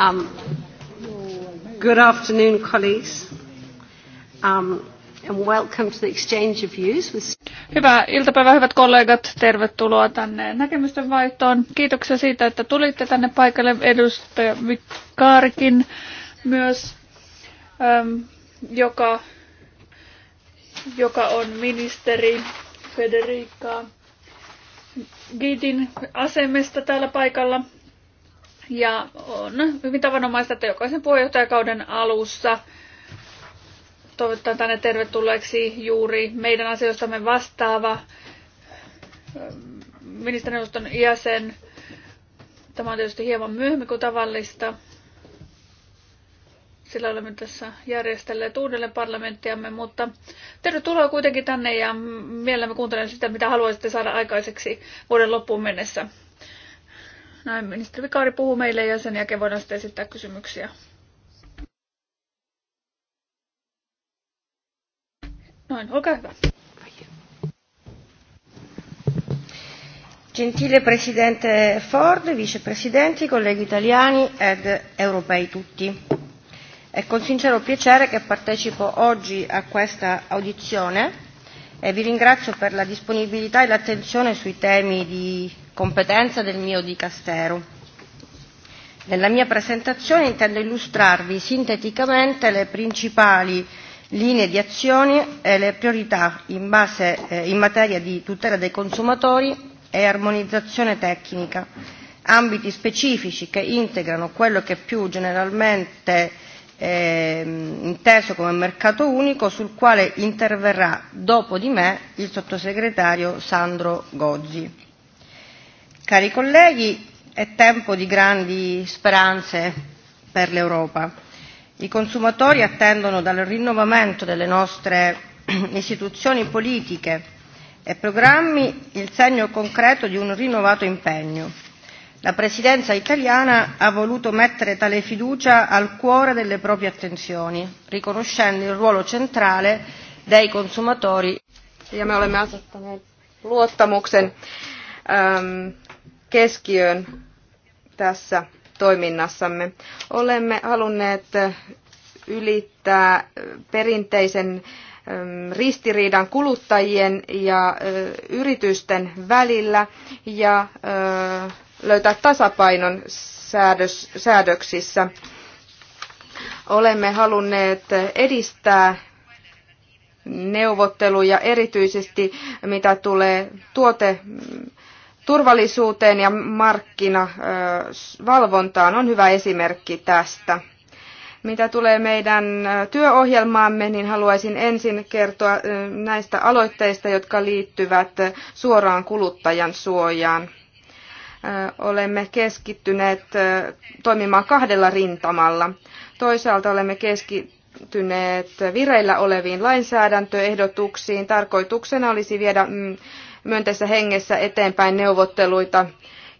Um, good afternoon, colleagues. Um, and welcome to the exchange of views with... Hyvää iltapäivää, hyvät kollegat. Tervetuloa tänne näkemysten vaihtoon. Kiitoksia siitä, että tulitte tänne paikalle. Edustaja Mikkaarikin myös, äm, joka, joka on ministeri Federica Gidin asemesta täällä paikalla. Ja on hyvin tavanomaista, että jokaisen puheenjohtajakauden alussa toivottaa tänne tervetulleeksi juuri meidän asioistamme vastaava ähm, ministerineuvoston jäsen. Tämä on tietysti hieman myöhemmin kuin tavallista, sillä olemme tässä järjestelleet uudelleen parlamenttiamme, mutta tervetuloa kuitenkin tänne ja mielellämme kuuntelen sitä, mitä haluaisitte saada aikaiseksi vuoden loppuun mennessä. Näin ministeri Vikaari puhuu meille ja sen jälkeen voidaan sitten esittää kysymyksiä. Noin, olkaa hyvä. Gentile Presidente Ford, vicepresidenti, colleghi italiani ed europei tutti. È con sincero piacere che partecipo oggi a questa audizione e vi ringrazio per la disponibilità e l'attenzione sui temi di competenza del mio dicastero. Nella mia presentazione intendo illustrarvi sinteticamente le principali linee di azione e le priorità in, base, eh, in materia di tutela dei consumatori e armonizzazione tecnica, ambiti specifici che integrano quello che è più generalmente eh, inteso come mercato unico, sul quale interverrà dopo di me il sottosegretario Sandro Gozzi. Cari colleghi, è tempo di grandi speranze per l'Europa. I consumatori attendono dal rinnovamento delle nostre istituzioni politiche e programmi il segno concreto di un rinnovato impegno. La Presidenza italiana ha voluto mettere tale fiducia al cuore delle proprie attenzioni, riconoscendo il ruolo centrale dei consumatori. Ja me olemme asettaneet luottamuksen ähm, keskiöön tässä toiminnassamme. Olemme halunneet ylittää perinteisen ristiriidan kuluttajien ja yritysten välillä ja löytää tasapainon säädös, säädöksissä. Olemme halunneet edistää neuvotteluja erityisesti mitä tulee tuote turvallisuuteen ja markkinavalvontaan on hyvä esimerkki tästä. Mitä tulee meidän työohjelmaamme, niin haluaisin ensin kertoa näistä aloitteista, jotka liittyvät suoraan kuluttajan suojaan. Olemme keskittyneet toimimaan kahdella rintamalla. Toisaalta olemme keskittyneet vireillä oleviin lainsäädäntöehdotuksiin. Tarkoituksena olisi viedä mm, myönteisessä hengessä eteenpäin neuvotteluita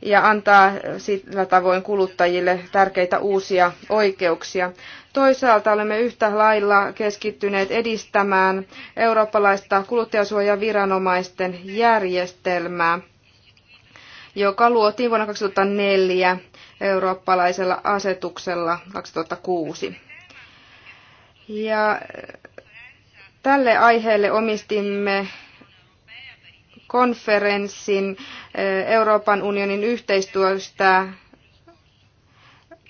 ja antaa sillä tavoin kuluttajille tärkeitä uusia oikeuksia. Toisaalta olemme yhtä lailla keskittyneet edistämään eurooppalaista kuluttajasuojaviranomaisten järjestelmää, joka luotiin vuonna 2004 eurooppalaisella asetuksella 2006. Ja tälle aiheelle omistimme konferenssin eh, Euroopan unionin yhteistyöstä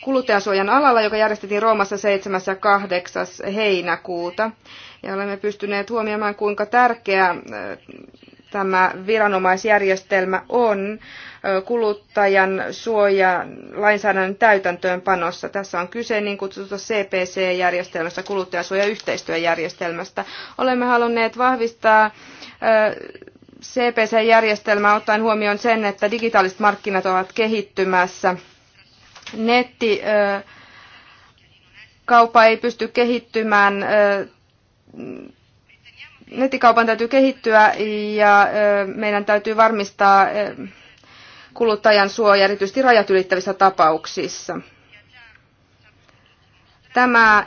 kuluttajasuojan alalla, joka järjestettiin Roomassa 7. ja 8. heinäkuuta. Ja olemme pystyneet huomioimaan, kuinka tärkeä eh, tämä viranomaisjärjestelmä on eh, kuluttajan suojan lainsäädännön täytäntöönpanossa. Tässä on kyse niin kutsutusta CPC-järjestelmästä, kuluttajasuojayhteistyöjärjestelmästä. Olemme halunneet vahvistaa CPC-järjestelmä ottaen huomioon sen, että digitaaliset markkinat ovat kehittymässä. Netti kauppa ei pysty kehittymään, nettikaupan täytyy kehittyä ja meidän täytyy varmistaa kuluttajan suoja erityisesti rajat ylittävissä tapauksissa. Tämä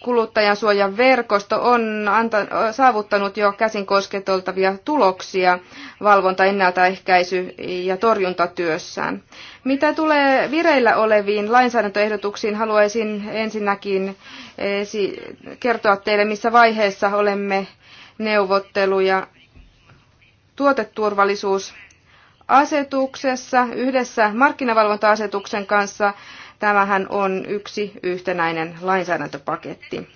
kuluttajansuojan verkosto on saavuttanut jo käsin kosketeltavia tuloksia valvonta, ennaltaehkäisy ja torjuntatyössään. Mitä tulee vireillä oleviin lainsäädäntöehdotuksiin, haluaisin ensinnäkin e, kertoa teille, missä vaiheessa olemme neuvotteluja tuoteturvallisuusasetuksessa yhdessä markkinavalvonta-asetuksen kanssa – Tämähän on yksi yhtenäinen lainsäädäntöpaketti.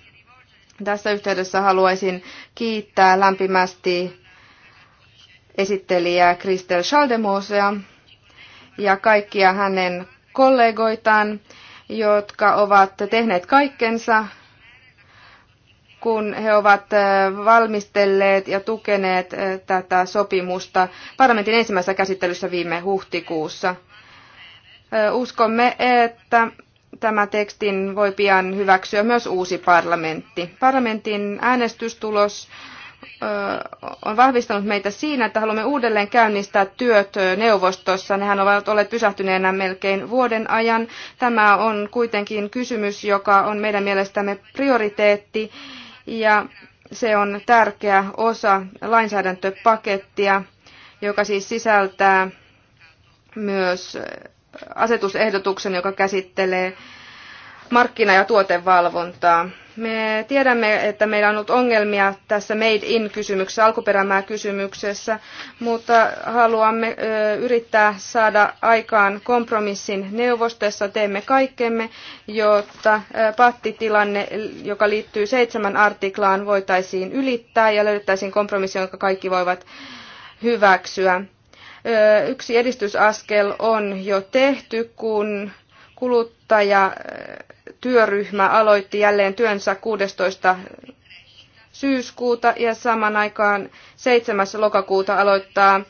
Tässä yhteydessä haluaisin kiittää lämpimästi esittelijää Kristel Schaldemosea ja kaikkia hänen kollegoitaan, jotka ovat tehneet kaikkensa, kun he ovat valmistelleet ja tukeneet tätä sopimusta parlamentin ensimmäisessä käsittelyssä viime huhtikuussa. Uskomme, että tämä tekstin voi pian hyväksyä myös uusi parlamentti. Parlamentin äänestystulos on vahvistanut meitä siinä, että haluamme uudelleen käynnistää työt neuvostossa. Nehän ovat olleet pysähtyneenä melkein vuoden ajan. Tämä on kuitenkin kysymys, joka on meidän mielestämme prioriteetti ja se on tärkeä osa lainsäädäntöpakettia, joka siis sisältää myös asetusehdotuksen, joka käsittelee markkina- ja tuotevalvontaa. Me tiedämme, että meillä on ollut ongelmia tässä made in kysymyksessä, alkuperämää kysymyksessä, mutta haluamme yrittää saada aikaan kompromissin neuvostossa. Teemme kaikkemme, jotta pattitilanne, joka liittyy seitsemän artiklaan, voitaisiin ylittää ja löydettäisiin kompromissi, jonka kaikki voivat hyväksyä. Yksi edistysaskel on jo tehty, kun kuluttajatyöryhmä aloitti jälleen työnsä 16 syyskuuta ja saman aikaan 7. lokakuuta aloittaa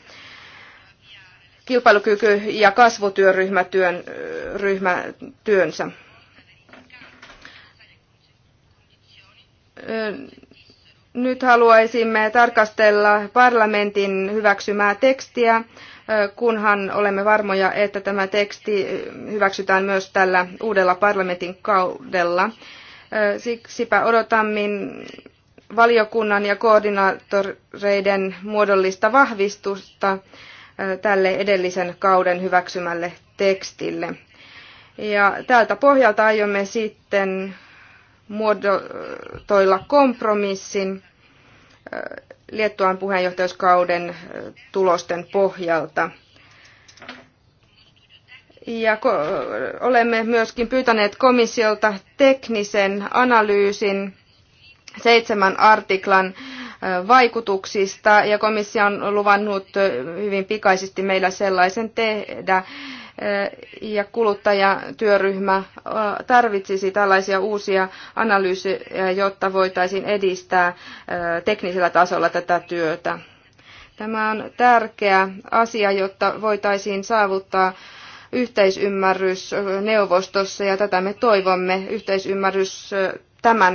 kilpailukyky- ja kasvutyöryhmä työn, ryhmä työnsä. Nyt haluaisimme tarkastella parlamentin hyväksymää tekstiä, kunhan olemme varmoja, että tämä teksti hyväksytään myös tällä uudella parlamentin kaudella. Siksipä odotamme valiokunnan ja koordinaattoreiden muodollista vahvistusta tälle edellisen kauden hyväksymälle tekstille. Ja tältä pohjalta aiomme sitten muodotoilla kompromissin Liettuan puheenjohtajuuskauden tulosten pohjalta. Ja olemme myöskin pyytäneet komissiolta teknisen analyysin seitsemän artiklan vaikutuksista ja komissio on luvannut hyvin pikaisesti meillä sellaisen tehdä ja kuluttajatyöryhmä tarvitsisi tällaisia uusia analyysejä, jotta voitaisiin edistää teknisellä tasolla tätä työtä. Tämä on tärkeä asia, jotta voitaisiin saavuttaa yhteisymmärrys neuvostossa ja tätä me toivomme yhteisymmärrys tämän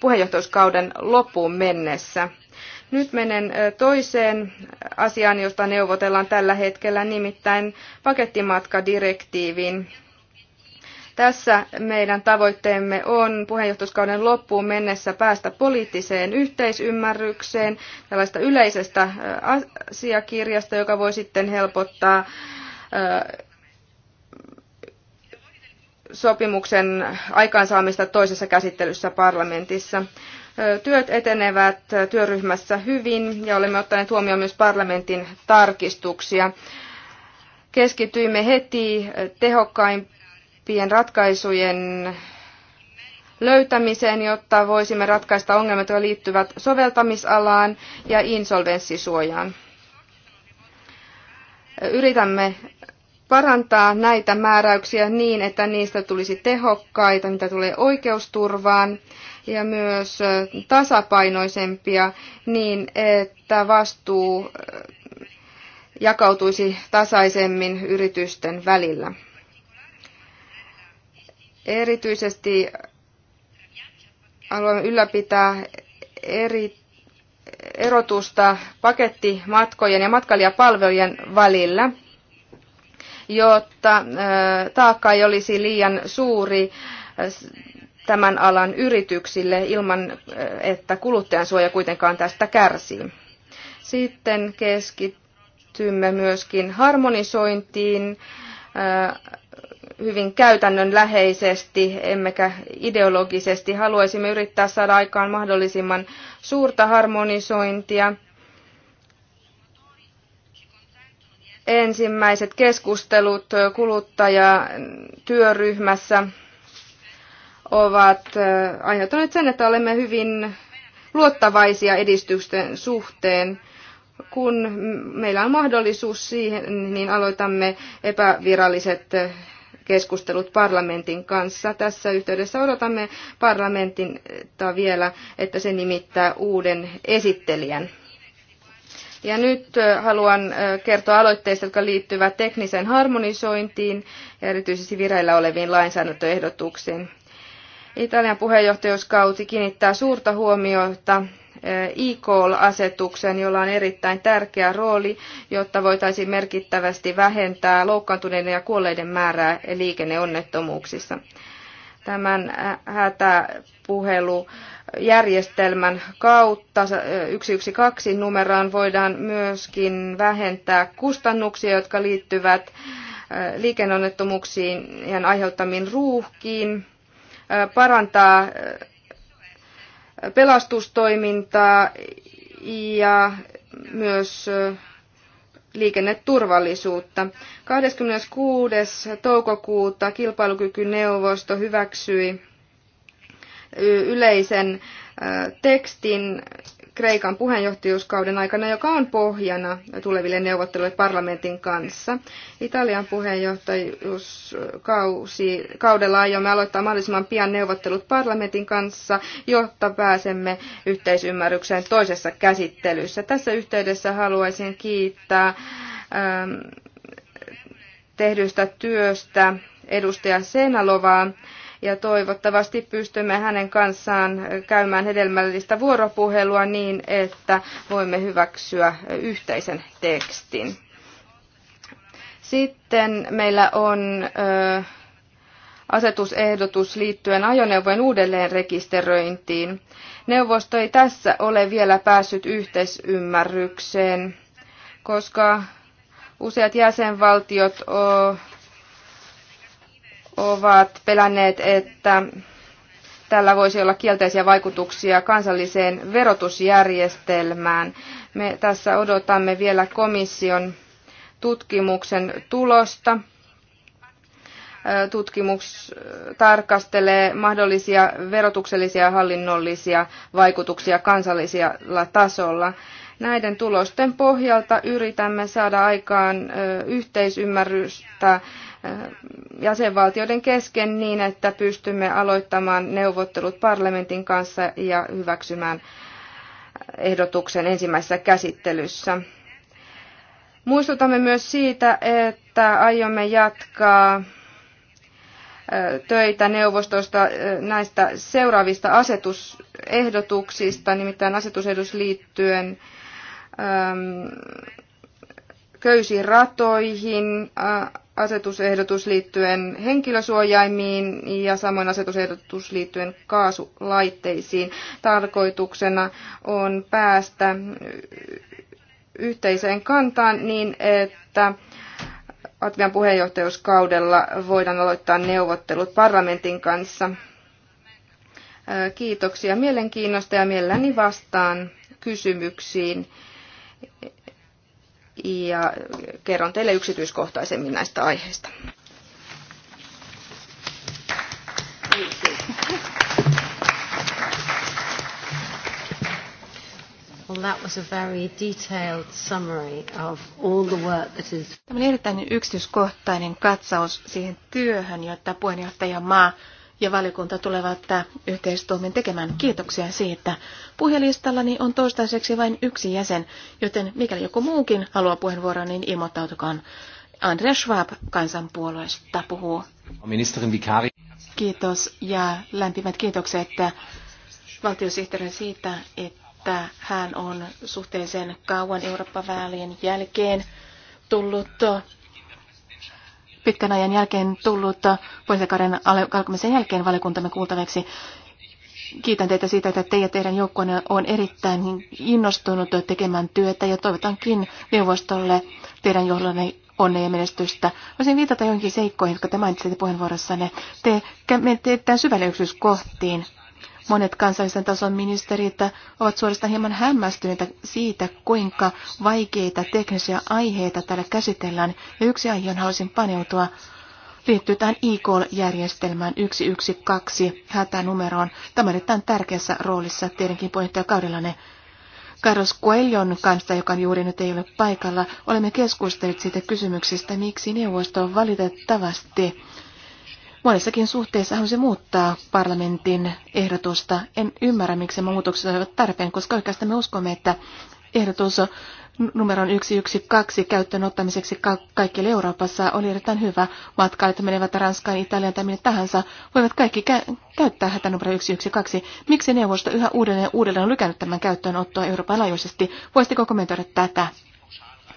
puheenjohtajuuskauden loppuun mennessä. Nyt menen toiseen asiaan, josta neuvotellaan tällä hetkellä, nimittäin pakettimatkadirektiiviin. Tässä meidän tavoitteemme on puheenjohtajuuskauden loppuun mennessä päästä poliittiseen yhteisymmärrykseen tällaista yleisestä asiakirjasta, joka voi sitten helpottaa sopimuksen aikaansaamista toisessa käsittelyssä parlamentissa. Työt etenevät työryhmässä hyvin ja olemme ottaneet huomioon myös parlamentin tarkistuksia. Keskityimme heti tehokkaimpien ratkaisujen löytämiseen, jotta voisimme ratkaista ongelmat, jotka liittyvät soveltamisalaan ja insolvenssisuojaan. Yritämme parantaa näitä määräyksiä niin, että niistä tulisi tehokkaita, mitä tulee oikeusturvaan ja myös tasapainoisempia niin, että vastuu jakautuisi tasaisemmin yritysten välillä. Erityisesti haluan ylläpitää eri, erotusta pakettimatkojen ja matkailijapalvelujen välillä – jotta taakka ei olisi liian suuri tämän alan yrityksille ilman, että kuluttajansuoja kuitenkaan tästä kärsii. Sitten keskitymme myöskin harmonisointiin hyvin käytännönläheisesti, emmekä ideologisesti. Haluaisimme yrittää saada aikaan mahdollisimman suurta harmonisointia ensimmäiset keskustelut kuluttajatyöryhmässä ovat äh, aiheuttaneet sen, että olemme hyvin luottavaisia edistysten suhteen. Kun meillä on mahdollisuus siihen, niin aloitamme epäviralliset äh, keskustelut parlamentin kanssa. Tässä yhteydessä odotamme parlamentin vielä, että se nimittää uuden esittelijän. Ja nyt haluan kertoa aloitteista, jotka liittyvät tekniseen harmonisointiin ja erityisesti vireillä oleviin lainsäädäntöehdotuksiin. Italian puheenjohtajuuskausi kiinnittää suurta huomiota e call asetuksen jolla on erittäin tärkeä rooli, jotta voitaisiin merkittävästi vähentää loukkaantuneiden ja kuolleiden määrää liikenneonnettomuuksissa tämän äh, hätäpuhelujärjestelmän kautta 112 äh, numeroon voidaan myöskin vähentää kustannuksia, jotka liittyvät äh, liikennonnettomuuksiin ja aiheuttamiin ruuhkiin, parantaa pelastustoimintaa ja myös liikenneturvallisuutta. 26. toukokuuta kilpailukykyneuvosto hyväksyi yleisen tekstin Kreikan puheenjohtajuuskauden aikana, joka on pohjana tuleville neuvotteluille parlamentin kanssa. Italian puheenjohtajuuskaudella aiomme aloittaa mahdollisimman pian neuvottelut parlamentin kanssa, jotta pääsemme yhteisymmärrykseen toisessa käsittelyssä. Tässä yhteydessä haluaisin kiittää ähm, tehdystä työstä edustaja Senalovaa ja toivottavasti pystymme hänen kanssaan käymään hedelmällistä vuoropuhelua niin, että voimme hyväksyä yhteisen tekstin. Sitten meillä on ö, asetusehdotus liittyen ajoneuvojen uudelleenrekisteröintiin. Neuvosto ei tässä ole vielä päässyt yhteisymmärrykseen, koska useat jäsenvaltiot ovat pelänneet, että tällä voisi olla kielteisiä vaikutuksia kansalliseen verotusjärjestelmään. Me tässä odotamme vielä komission tutkimuksen tulosta. Tutkimus tarkastelee mahdollisia verotuksellisia ja hallinnollisia vaikutuksia kansallisella tasolla. Näiden tulosten pohjalta yritämme saada aikaan yhteisymmärrystä jäsenvaltioiden kesken niin, että pystymme aloittamaan neuvottelut parlamentin kanssa ja hyväksymään ehdotuksen ensimmäisessä käsittelyssä. Muistutamme myös siitä, että aiomme jatkaa töitä neuvostosta näistä seuraavista asetusehdotuksista, nimittäin asetusehdus liittyen köysiratoihin, asetusehdotus liittyen henkilösuojaimiin ja samoin asetusehdotus liittyen kaasulaitteisiin. Tarkoituksena on päästä yhteiseen kantaan niin, että Latvian puheenjohtajuuskaudella voidaan aloittaa neuvottelut parlamentin kanssa. Kiitoksia mielenkiinnosta ja mielelläni vastaan kysymyksiin ja kerron teille yksityiskohtaisemmin näistä aiheista. Well, that was a very detailed summary of all the work that is... Tämä on erittäin yksityiskohtainen katsaus siihen työhön, jota puheenjohtaja maa ja valiokunta tulevat yhteistuomin tekemään. Kiitoksia siitä. Puhelistallani on toistaiseksi vain yksi jäsen, joten mikäli joku muukin haluaa puheenvuoron, niin ilmoittautukaan. Andreas Schwab kansanpuolueesta puhuu. Ministerin Kiitos ja lämpimät kiitokset valtiosihteerille siitä, että hän on suhteellisen kauan Eurooppa-väälien jälkeen tullut pitkän ajan jälkeen tullut puheenjohtajakauden alkamisen jälkeen valiokuntamme kuultavaksi. Kiitän teitä siitä, että te ja teidän joukkueenne on erittäin innostunut tekemään työtä ja toivotankin neuvostolle teidän johdollanne onnea ja menestystä. Voisin viitata johonkin seikkoihin, jotka te mainitsitte puheenvuorossanne. Te menette syvälle yksityiskohtiin Monet kansallisen tason ministerit ovat suorastaan hieman hämmästyneitä siitä, kuinka vaikeita teknisiä aiheita täällä käsitellään. Ja yksi aihe, johon haluaisin paneutua, liittyy tähän IKOL-järjestelmään 112 hätänumeroon. Tämä on erittäin tärkeässä roolissa teidänkin puheenjohtajakaudellanne. Carlos Coelhon kanssa, joka juuri nyt ei ole paikalla, olemme keskustelleet siitä kysymyksestä, miksi neuvosto valitettavasti Monessakin suhteessa halusi muuttaa parlamentin ehdotusta. En ymmärrä, miksi muutokset ovat tarpeen, koska oikeastaan me uskomme, että ehdotus numeron 112 käyttöön ottamiseksi ka- kaikille Euroopassa oli erittäin hyvä. Matkailijat menevät Ranskaan, Italiaan tai minne tahansa voivat kaikki kä- käyttää numero 112. Miksi neuvosto yhä uudelleen ja uudelleen on lykännyt tämän käyttöönottoa Euroopan laajuisesti? Voisitteko kommentoida tätä?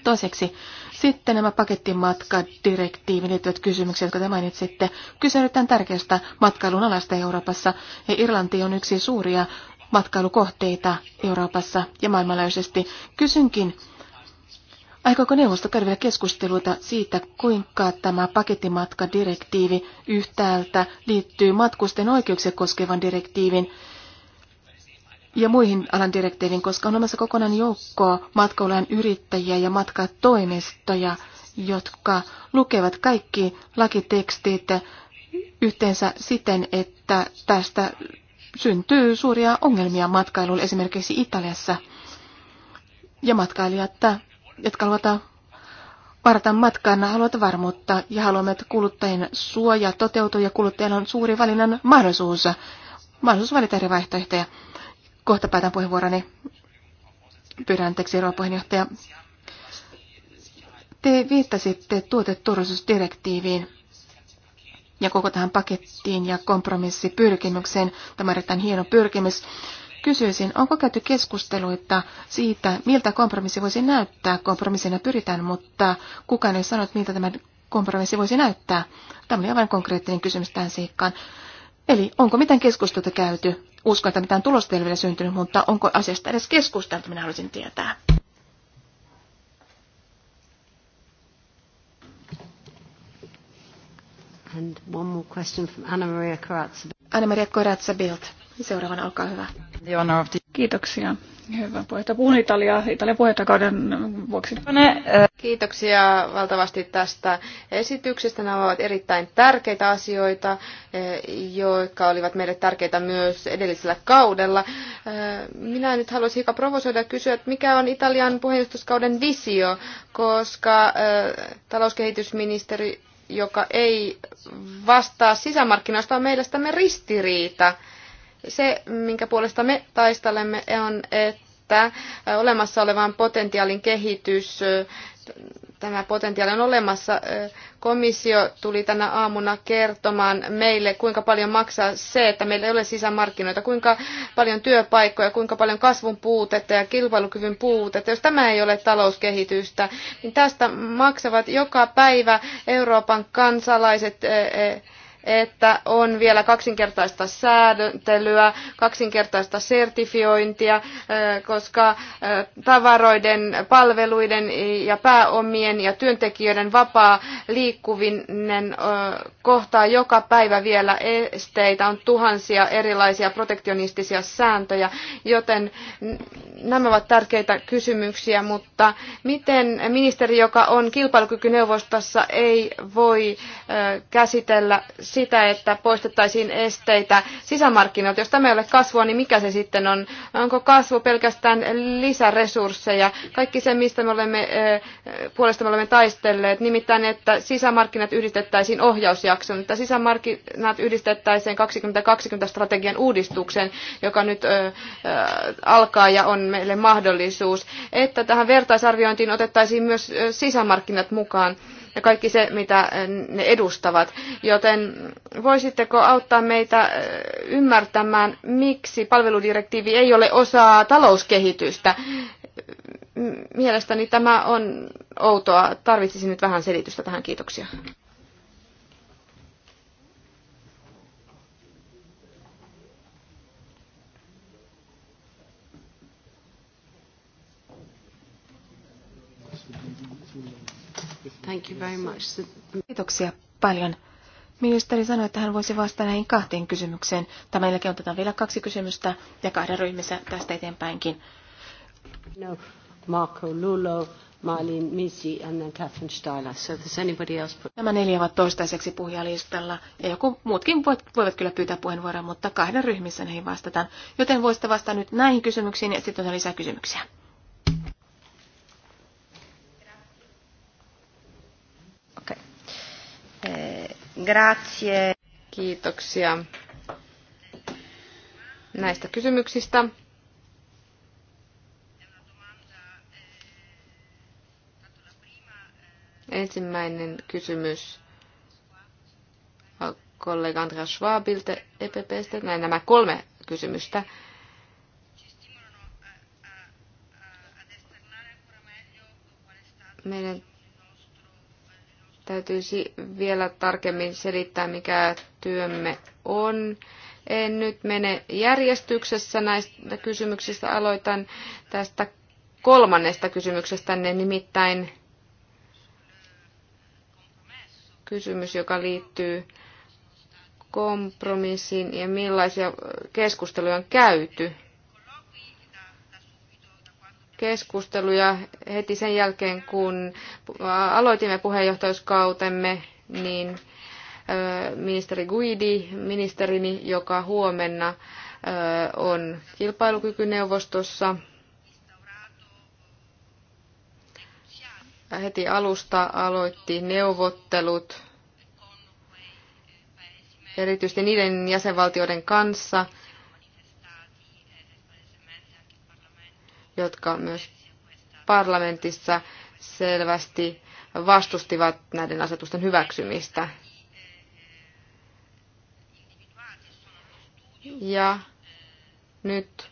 Toiseksi sitten nämä pakettimatkadirektiivin liittyvät kysymykset, jotka te mainitsitte. Kyse tärkeästä matkailun alasta Euroopassa ja Irlanti on yksi suuria matkailukohteita Euroopassa ja maailmanlaajuisesti. Kysynkin, aikooko neuvosto käydä keskusteluita siitä, kuinka tämä pakettimatkadirektiivi yhtäältä liittyy matkusten oikeuksia koskevan direktiivin ja muihin alan direktiiviin, koska on olemassa kokonainen joukko matkailujen yrittäjiä ja matkatoimistoja, jotka lukevat kaikki lakitekstit yhteensä siten, että tästä syntyy suuria ongelmia matkailulle esimerkiksi Italiassa. Ja matkailijat, jotka haluavat varata matkaan, haluavat varmuutta ja haluamme, että kuluttajien suoja toteutuu ja kuluttajilla on suuri valinnan mahdollisuus, mahdollisuus valita eri vaihtoehtoja kohta päätän puheenvuoroni. Pyydän anteeksi, rouva puheenjohtaja. Te viittasitte tuoteturvallisuusdirektiiviin ja koko tähän pakettiin ja kompromissipyrkimykseen. Tämä on erittäin hieno pyrkimys. Kysyisin, onko käyty keskusteluita siitä, miltä kompromissi voisi näyttää? Kompromissina pyritään, mutta kukaan ei sanonut, miltä tämä kompromissi voisi näyttää. Tämä oli aivan konkreettinen kysymys tähän seikkaan. Eli onko mitään keskustelua käyty? usko, että mitään tulosta ei vielä syntynyt, mutta onko asiasta edes keskusteltu, minä haluaisin tietää. And one more question from Anna-Maria Corazza. Anna-Maria Corazza-Bilt. Seuraavana, olkaa hyvä. Kiitoksia. Hyvä puheenjohtaja. Puhun Italia, Italian puheenjohtajakauden vuoksi. Äh, Kiitoksia valtavasti tästä esityksestä. Nämä ovat erittäin tärkeitä asioita, äh, jotka olivat meille tärkeitä myös edellisellä kaudella. Äh, minä nyt haluaisin hiukan provosoida ja kysyä, että mikä on Italian puheenjohtajakauden visio, koska talouskehitysministeri joka ei vastaa sisämarkkinoista, on mielestämme ristiriita. Se, minkä puolesta me taistelemme, on, että olemassa olevan potentiaalin kehitys, tämä potentiaali on olemassa. Komissio tuli tänä aamuna kertomaan meille, kuinka paljon maksaa se, että meillä ei ole sisämarkkinoita, kuinka paljon työpaikkoja, kuinka paljon kasvun puutetta ja kilpailukyvyn puutetta. Jos tämä ei ole talouskehitystä, niin tästä maksavat joka päivä Euroopan kansalaiset eh, eh, että on vielä kaksinkertaista säädöntelyä, kaksinkertaista sertifiointia, koska tavaroiden, palveluiden ja pääomien ja työntekijöiden vapaa liikkuvinen kohtaa joka päivä vielä esteitä. On tuhansia erilaisia protektionistisia sääntöjä, joten nämä ovat tärkeitä kysymyksiä, mutta miten ministeri, joka on kilpailukykyneuvostossa, ei voi käsitellä sitä, että poistettaisiin esteitä sisämarkkinoilta. Jos tämä ei ole kasvua, niin mikä se sitten on? Onko kasvu pelkästään lisäresursseja? Kaikki se, mistä me olemme, puolesta me olemme taistelleet, nimittäin, että sisämarkkinat yhdistettäisiin ohjausjakson, että sisämarkkinat yhdistettäisiin 2020-strategian uudistukseen, joka nyt alkaa ja on meille mahdollisuus, että tähän vertaisarviointiin otettaisiin myös sisämarkkinat mukaan ja kaikki se, mitä eh, ne edustavat. Joten voisitteko auttaa meitä eh, ymmärtämään, miksi palveludirektiivi ei ole osa talouskehitystä? Mielestäni tämä on outoa. Tarvitsisin nyt vähän selitystä tähän. Kiitoksia. Thank you very much. Um, Kiitoksia paljon. Ministeri sanoi, että hän voisi vastata näihin kahteen kysymykseen. Tämä meilläkin otetaan vielä kaksi kysymystä ja kahden ryhmässä tästä eteenpäinkin. No, Marco Lulo, Marlene Misi and then Catherine Steiler. So if anybody else... Nämä neljä ovat toistaiseksi puhujalistalla ja joku muutkin voivat, voivat kyllä pyytää puheenvuoroa, mutta kahden ryhmissä näihin vastataan. Joten voisitte vastata nyt näihin kysymyksiin ja sitten on lisää kysymyksiä. Grazie. Kiitoksia näistä kysymyksistä. Ensimmäinen kysymys kollega Andrea Schwabilta EPPstä. Näin nämä kolme kysymystä. Meidän Täytyisi vielä tarkemmin selittää, mikä työmme on. En nyt mene järjestyksessä näistä kysymyksistä. Aloitan tästä kolmannesta ne nimittäin kysymys, joka liittyy kompromissiin ja millaisia keskusteluja on käyty keskusteluja heti sen jälkeen, kun aloitimme puheenjohtajuuskautemme, niin ministeri Guidi, ministerini, joka huomenna on kilpailukykyneuvostossa, heti alusta aloitti neuvottelut erityisesti niiden jäsenvaltioiden kanssa, jotka myös parlamentissa selvästi vastustivat näiden asetusten hyväksymistä. Ja nyt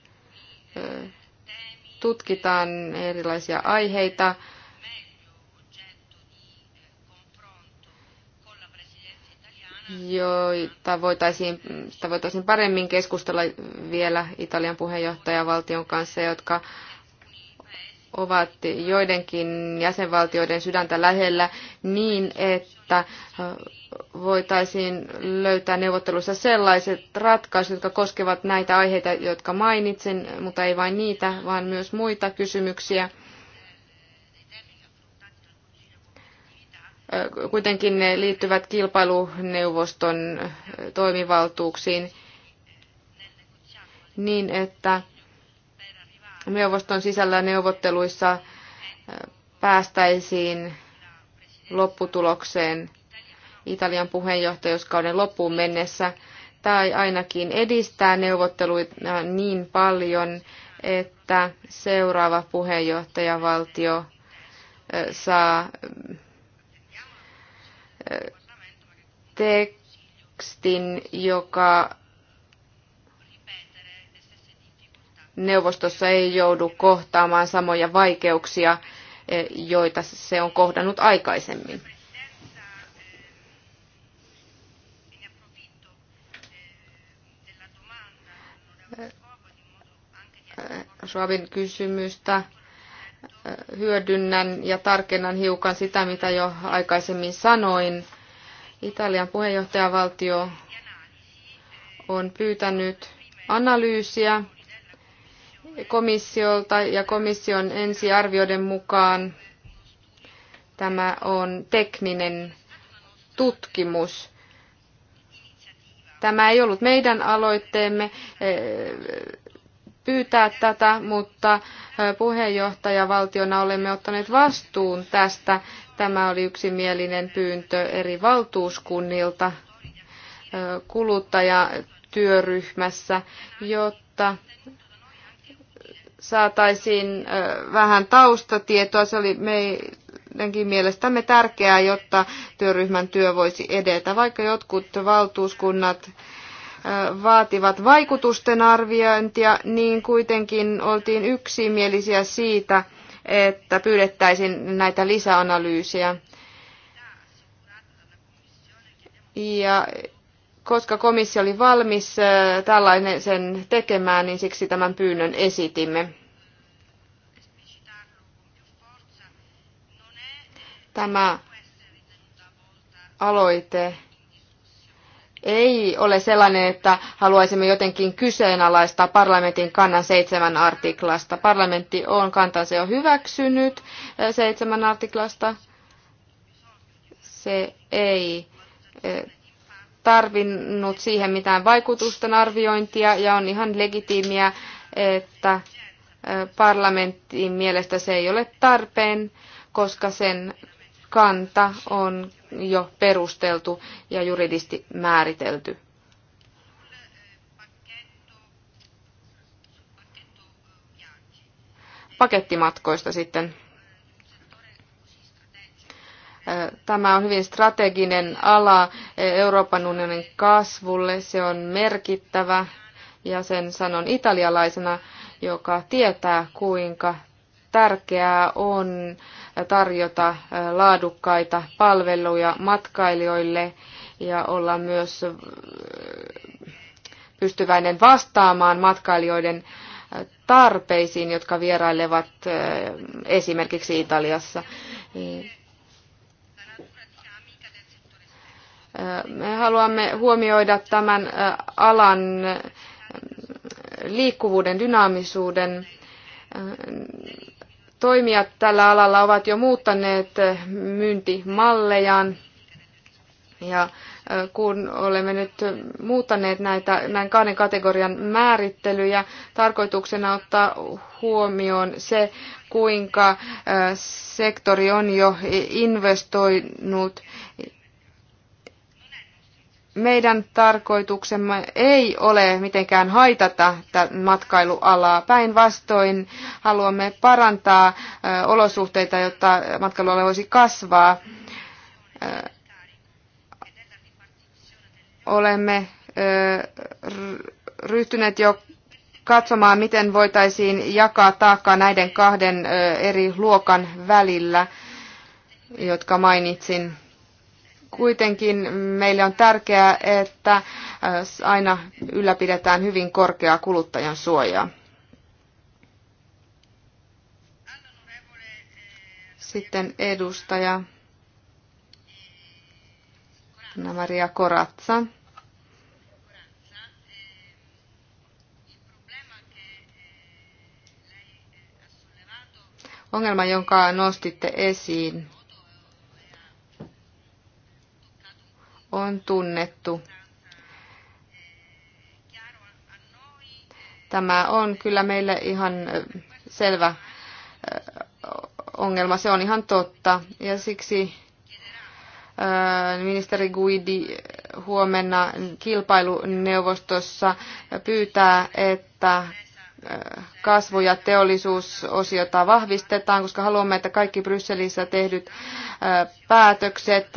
tutkitaan erilaisia aiheita. joita voitaisiin, sitä voitaisiin paremmin keskustella vielä Italian puheenjohtajavaltion kanssa, jotka ovat joidenkin jäsenvaltioiden sydäntä lähellä niin, että voitaisiin löytää neuvottelussa sellaiset ratkaisut, jotka koskevat näitä aiheita, jotka mainitsin, mutta ei vain niitä, vaan myös muita kysymyksiä. Kuitenkin ne liittyvät kilpailuneuvoston toimivaltuuksiin niin, että neuvoston sisällä neuvotteluissa päästäisiin lopputulokseen Italian puheenjohtajuuskauden loppuun mennessä tai ainakin edistää neuvotteluita niin paljon, että seuraava puheenjohtajavaltio saa tekstin, joka neuvostossa ei joudu kohtaamaan samoja vaikeuksia, eh, joita se on kohdannut aikaisemmin. Eh, Schwabin kysymystä eh, hyödynnän ja tarkennan hiukan sitä, mitä jo aikaisemmin sanoin. Italian puheenjohtajavaltio on pyytänyt analyysiä komissiolta ja komission ensiarvioiden mukaan tämä on tekninen tutkimus. Tämä ei ollut meidän aloitteemme eh, pyytää tätä, mutta eh, puheenjohtajavaltiona olemme ottaneet vastuun tästä. Tämä oli yksimielinen pyyntö eri valtuuskunnilta eh, kuluttajatyöryhmässä, jotta saataisiin vähän taustatietoa. Se oli meidänkin mielestämme tärkeää, jotta työryhmän työ voisi edetä. Vaikka jotkut valtuuskunnat vaativat vaikutusten arviointia, niin kuitenkin oltiin yksimielisiä siitä, että pyydettäisiin näitä lisäanalyysiä. Ja koska komissio oli valmis tällainen sen tekemään, niin siksi tämän pyynnön esitimme. Tämä aloite ei ole sellainen, että haluaisimme jotenkin kyseenalaistaa parlamentin kannan seitsemän artiklasta. Parlamentti on kantansa jo hyväksynyt seitsemän artiklasta. Se ei tarvinnut siihen mitään vaikutusten arviointia ja on ihan legitiimiä, että parlamenttiin mielestä se ei ole tarpeen, koska sen kanta on jo perusteltu ja juridisti määritelty. Pakettimatkoista sitten. Tämä on hyvin strateginen ala Euroopan unionin kasvulle. Se on merkittävä ja sen sanon italialaisena, joka tietää kuinka tärkeää on tarjota laadukkaita palveluja matkailijoille ja olla myös pystyväinen vastaamaan matkailijoiden tarpeisiin, jotka vierailevat eh, esimerkiksi Italiassa. Me haluamme huomioida tämän alan liikkuvuuden, dynaamisuuden. Toimijat tällä alalla ovat jo muuttaneet myyntimallejaan ja kun olemme nyt muuttaneet näitä, näin kahden kategorian määrittelyjä, tarkoituksena ottaa huomioon se, kuinka sektori on jo investoinut meidän tarkoituksemme ei ole mitenkään haitata matkailualaa. Päinvastoin haluamme parantaa olosuhteita, jotta matkailuala voisi kasvaa. Olemme ryhtyneet jo katsomaan, miten voitaisiin jakaa taakkaa näiden kahden eri luokan välillä, jotka mainitsin Kuitenkin meille on tärkeää, että äh, aina ylläpidetään hyvin korkeaa kuluttajan suojaa. Sitten edustaja Maria Corazza. Ongelma, jonka nostitte esiin, on tunnettu. Tämä on kyllä meille ihan selvä ongelma, se on ihan totta. Ja siksi ministeri Guidi huomenna kilpailuneuvostossa pyytää, että kasvu- ja teollisuusosiota vahvistetaan, koska haluamme, että kaikki Brysselissä tehdyt päätökset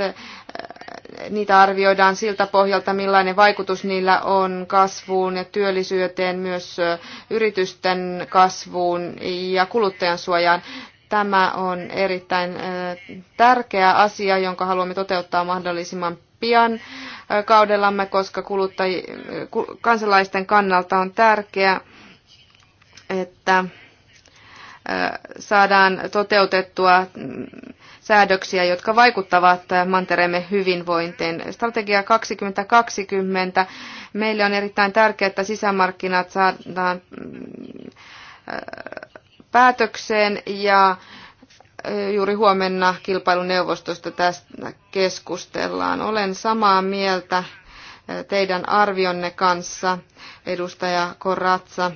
niitä arvioidaan siltä pohjalta, millainen vaikutus niillä on kasvuun ja työllisyyteen, myös yritysten kasvuun ja kuluttajan suojaan. Tämä on erittäin tärkeä asia, jonka haluamme toteuttaa mahdollisimman pian kaudellamme, koska kuluttaj- kansalaisten kannalta on tärkeää, että saadaan toteutettua säädöksiä, jotka vaikuttavat mantereemme hyvinvointiin. Strategia 2020. Meille on erittäin tärkeää, että sisämarkkinat saadaan äh, päätökseen ja äh, juuri huomenna kilpailuneuvostosta tästä keskustellaan. Olen samaa mieltä äh, teidän arvionne kanssa, edustaja Koratsa.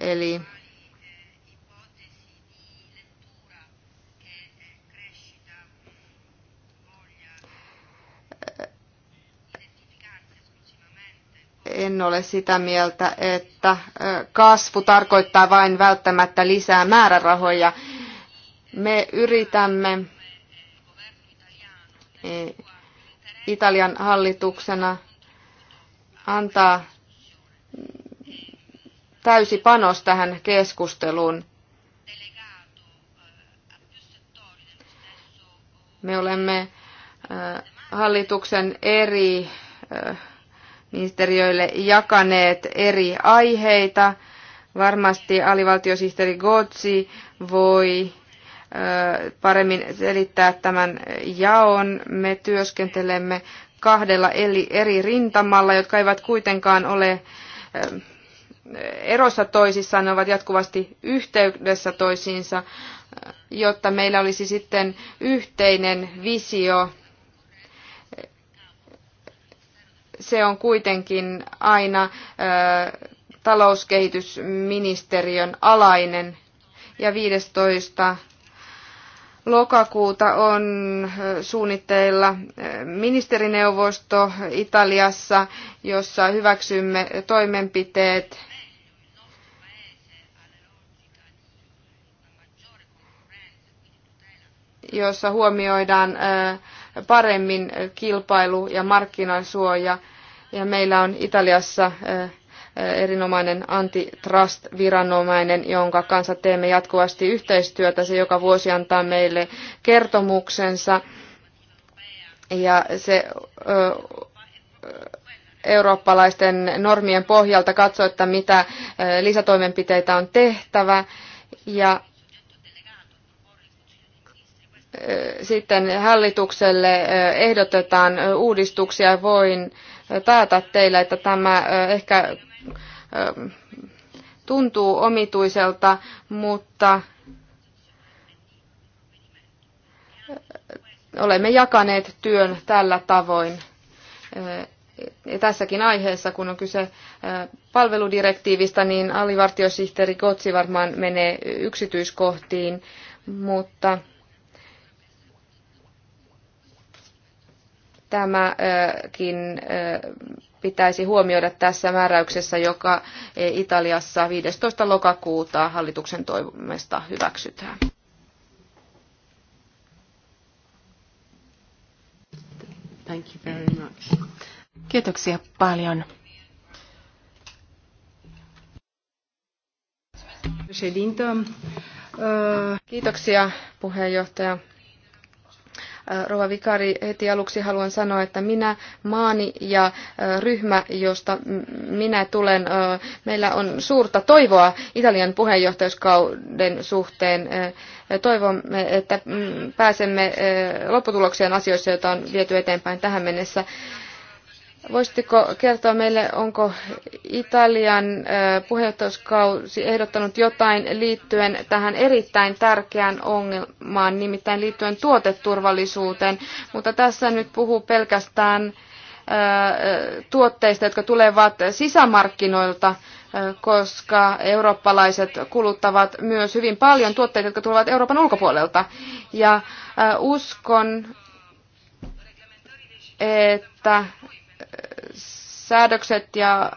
Eli en ole sitä mieltä, että kasvu tarkoittaa vain välttämättä lisää määrärahoja. Me yritämme e, Italian hallituksena antaa täysi panos tähän keskusteluun. Me olemme hallituksen eri ministeriöille jakaneet eri aiheita. Varmasti alivaltiosihteeri Gotsi voi paremmin selittää tämän jaon. Me työskentelemme kahdella eri rintamalla, jotka eivät kuitenkaan ole erossa toisissaan, ne ovat jatkuvasti yhteydessä toisiinsa, jotta meillä olisi sitten yhteinen visio se on kuitenkin aina talouskehitysministeriön alainen. Ja 15 lokakuuta on suunnitteilla ministerineuvosto Italiassa, jossa hyväksymme toimenpiteet jossa huomioidaan paremmin kilpailu ja markkinasuoja. Ja meillä on Italiassa erinomainen antitrust-viranomainen, jonka kanssa teemme jatkuvasti yhteistyötä. Se joka vuosi antaa meille kertomuksensa. Ja se eurooppalaisten normien pohjalta katsoo, että mitä lisätoimenpiteitä on tehtävä. Ja sitten hallitukselle eh, ehdotetaan uudistuksia, voin eh, taata teille, että tämä eh, ehkä tuntuu omituiselta, mutta olemme jakaneet työn tällä tavoin. Ja tässäkin aiheessa, kun on kyse palveludirektiivistä, niin alivartiosihteeri Kotsi varmaan menee yksityiskohtiin, mutta Tämäkin pitäisi huomioida tässä määräyksessä, joka Italiassa 15. lokakuuta hallituksen toimesta hyväksytään. Thank you very much. Kiitoksia paljon. Kiitoksia puheenjohtaja. Äh, Rova Vikari, heti aluksi haluan sanoa, että minä, maani ja äh, ryhmä, josta minä tulen, äh, meillä on suurta toivoa Italian puheenjohtajuuskauden suhteen. Toivomme, että mm, pääsemme lopputulokseen asioissa, joita on viety eteenpäin tähän mennessä. Voisitteko kertoa meille, onko Italian puheenjohtajuuskausi ehdottanut jotain liittyen tähän erittäin tärkeään ongelmaan, nimittäin liittyen tuoteturvallisuuteen, mutta tässä nyt puhuu pelkästään tuotteista, jotka tulevat sisämarkkinoilta, koska eurooppalaiset kuluttavat myös hyvin paljon tuotteita, jotka tulevat Euroopan ulkopuolelta. Ja uskon, että säädökset ja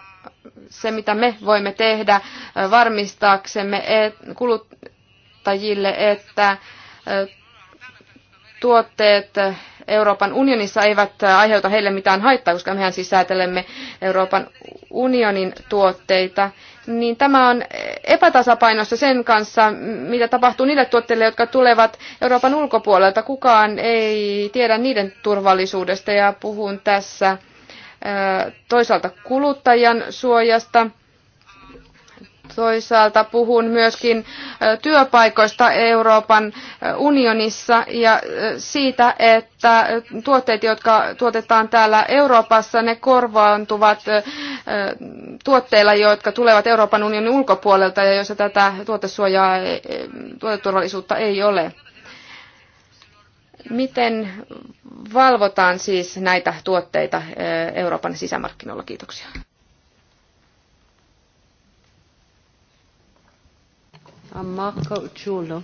se, mitä me voimme tehdä varmistaaksemme kuluttajille, että tuotteet Euroopan unionissa eivät aiheuta heille mitään haittaa, koska mehän siis säätelemme Euroopan unionin tuotteita, niin tämä on epätasapainossa sen kanssa, mitä tapahtuu niille tuotteille, jotka tulevat Euroopan ulkopuolelta. Kukaan ei tiedä niiden turvallisuudesta ja puhun tässä toisaalta kuluttajan suojasta, toisaalta puhun myöskin työpaikoista Euroopan unionissa ja siitä, että tuotteet, jotka tuotetaan täällä Euroopassa, ne korvaantuvat tuotteilla, jotka tulevat Euroopan unionin ulkopuolelta ja joissa tätä tuotesuojaa, e, e, tuoteturvallisuutta ei ole. Miten valvotaan siis näitä tuotteita eh, Euroopan sisämarkkinoilla. Kiitoksia. Ah, Marco Giullo.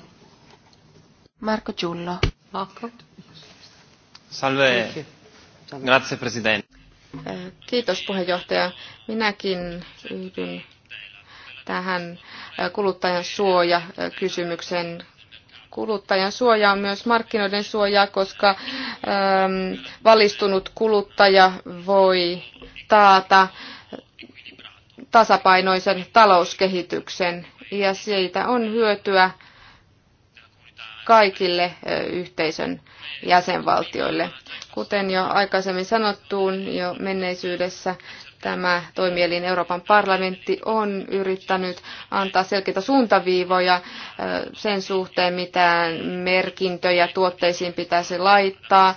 Marco Giullo. Marco. Salve. Grazie, Presidente. Eh, kiitos puheenjohtaja. Minäkin yhdyn tähän eh, kuluttajan suoja kysymykseen kuluttajan suoja on myös markkinoiden suojaa, koska ähm, valistunut kuluttaja voi taata tasapainoisen talouskehityksen ja siitä on hyötyä kaikille äh, yhteisön jäsenvaltioille. Kuten jo aikaisemmin sanottuun, jo menneisyydessä tämä toimielin Euroopan parlamentti on yrittänyt antaa selkeitä suuntaviivoja sen suhteen, mitä merkintöjä tuotteisiin pitäisi laittaa.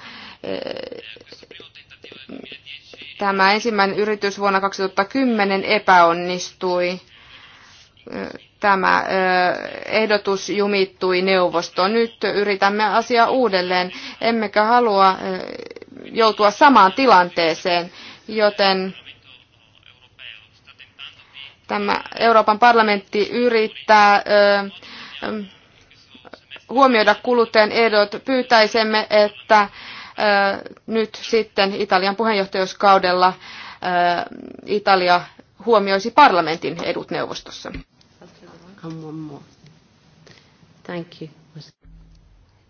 Tämä ensimmäinen yritys vuonna 2010 epäonnistui. Tämä ehdotus jumittui neuvostoon. Nyt yritämme asiaa uudelleen. Emmekä halua joutua samaan tilanteeseen, joten Tämä Euroopan parlamentti yrittää huomioida kuluttajan ehdot, Pyytäisemme, että nyt sitten Italian puheenjohtajuuskaudella Italia huomioisi parlamentin edut neuvostossa. Thank you.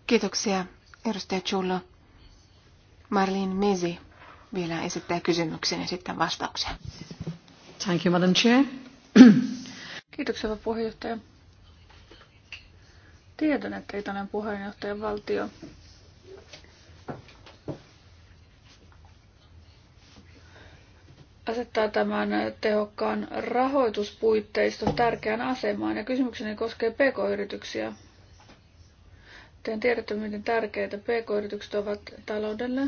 Kiitoksia, edustaja Chullo. Marlene Mezi vielä esittää kysymyksen ja sitten vastauksen. Thank you, Madam Chair. Kiitoksia, puheenjohtaja. Tiedän, että Italian puheenjohtajan valtio asettaa tämän tehokkaan rahoituspuitteiston tärkeään asemaan. Ja kysymykseni koskee pk-yrityksiä. Te tiedä, miten tärkeitä pk-yritykset ovat taloudelle.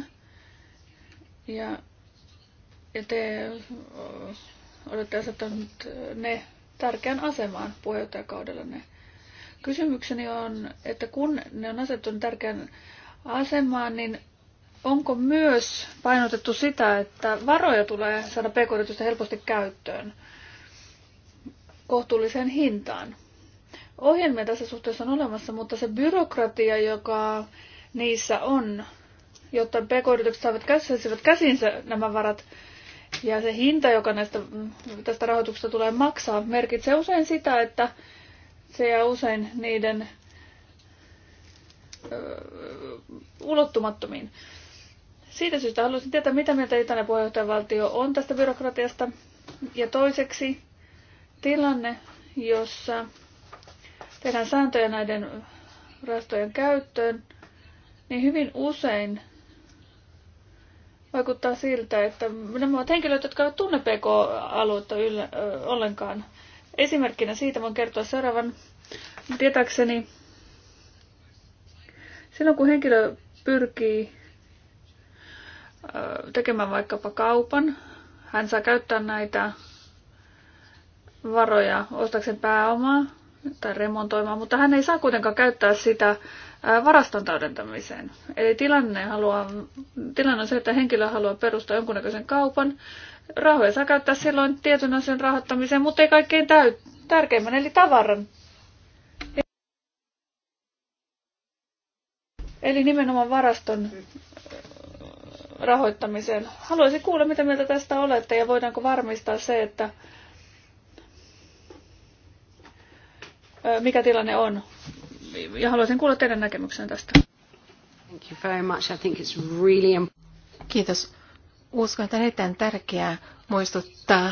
Ja, ja te olette asettanut ne tärkeän asemaan ne. Kysymykseni on, että kun ne on asettunut tärkeän asemaan, niin onko myös painotettu sitä, että varoja tulee saada pk helposti käyttöön kohtuulliseen hintaan? Ohjelmia tässä suhteessa on olemassa, mutta se byrokratia, joka niissä on, jotta pk-yritykset saavat käsinsä nämä varat, ja se hinta, joka näistä, tästä rahoituksesta tulee maksaa, merkitsee usein sitä, että se jää usein niiden ö, ulottumattomiin. Siitä syystä haluaisin tietää, mitä mieltä Italian puheenjohtajavaltio on tästä byrokratiasta. Ja toiseksi tilanne, jossa tehdään sääntöjä näiden rastojen käyttöön, niin hyvin usein vaikuttaa siltä, että nämä ovat henkilöt, jotka eivät tunne PK-aluetta yllä, ö, ollenkaan. Esimerkkinä siitä voin kertoa seuraavan tietääkseni. Silloin kun henkilö pyrkii ö, tekemään vaikkapa kaupan, hän saa käyttää näitä varoja ostakseen pääomaa tai remontoimaan, mutta hän ei saa kuitenkaan käyttää sitä varaston täydentämiseen. Eli tilanne, haluaa, tilanne on se, että henkilö haluaa perustaa jonkunnäköisen kaupan. Rahoja saa käyttää silloin tietyn asian rahoittamiseen, mutta ei kaikkein täy- tärkeimmän, eli tavaran. Eli nimenomaan varaston äh, rahoittamiseen. Haluaisin kuulla, mitä mieltä tästä olette ja voidaanko varmistaa se, että äh, mikä tilanne on ja haluaisin kuulla teidän näkemyksen tästä. Thank you very much. I think it's really Kiitos. Uskon, että on erittäin tärkeää muistuttaa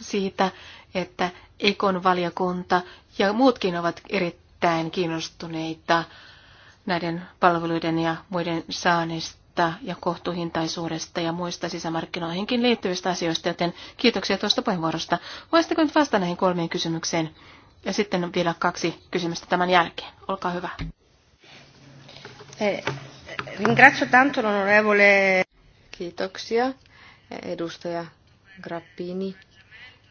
siitä, että Ekon valiokunta ja muutkin ovat erittäin kiinnostuneita näiden palveluiden ja muiden saannista ja kohtuuhintaisuudesta ja muista sisämarkkinoihinkin liittyvistä asioista, joten kiitoksia tuosta puheenvuorosta. Voisitteko nyt vastata näihin kolmeen kysymykseen? Ja sitten on vielä kaksi kysymystä tämän jälkeen. Olkaa hyvä. Eh, ringrazio tanto l'onorevole. Kiitoksia edustaja Grappini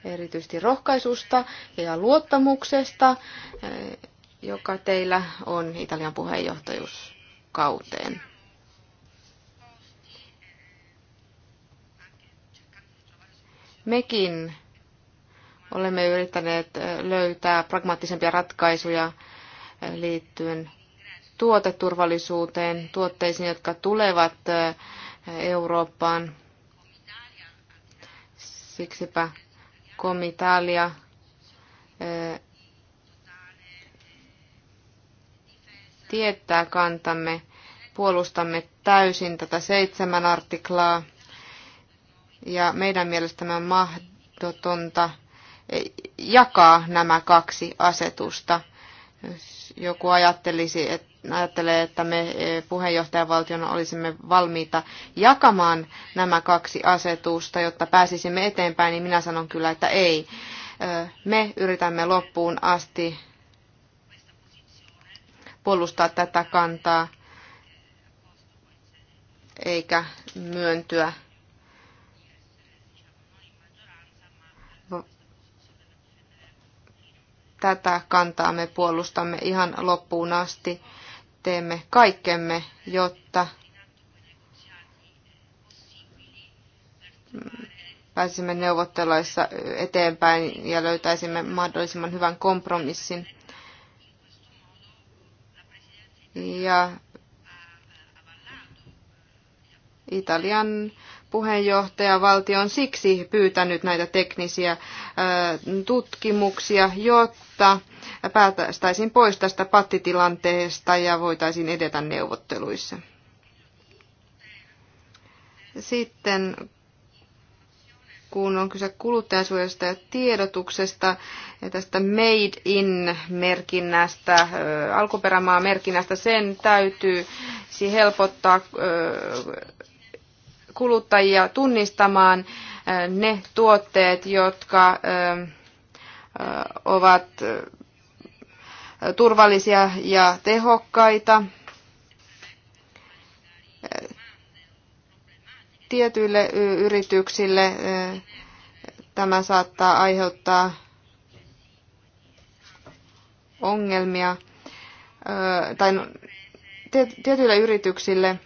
erityisesti rohkaisusta ja luottamuksesta, eh, joka teillä on Italian puheenjohtajuuskauteen. Mekin Olemme yrittäneet löytää pragmaattisempia ratkaisuja liittyen tuoteturvallisuuteen, tuotteisiin, jotka tulevat Eurooppaan. Siksipä Komitalia tietää kantamme. Puolustamme täysin tätä seitsemän artiklaa ja meidän mielestämme on mahdotonta jakaa nämä kaksi asetusta. Joku ajattelisi, että ajattelee, että me e, puheenjohtajavaltiona olisimme valmiita jakamaan nämä kaksi asetusta, jotta pääsisimme eteenpäin, niin minä sanon kyllä, että ei. Me yritämme loppuun asti puolustaa tätä kantaa eikä myöntyä tätä kantaa me puolustamme ihan loppuun asti. Teemme kaikkemme, jotta pääsimme neuvotteluissa eteenpäin ja löytäisimme mahdollisimman hyvän kompromissin. Ja Italian puheenjohtaja valtio on siksi pyytänyt näitä teknisiä tutkimuksia, jotta päästäisiin pois tästä pattitilanteesta ja voitaisiin edetä neuvotteluissa. Sitten kun on kyse kuluttajansuojasta ja tiedotuksesta ja tästä made in merkinnästä, alkuperämaa merkinnästä, sen täytyy helpottaa kuluttajia tunnistamaan ne tuotteet, jotka ovat turvallisia ja tehokkaita tietyille yrityksille tämä saattaa aiheuttaa ongelmia tai no, tietyille yrityksille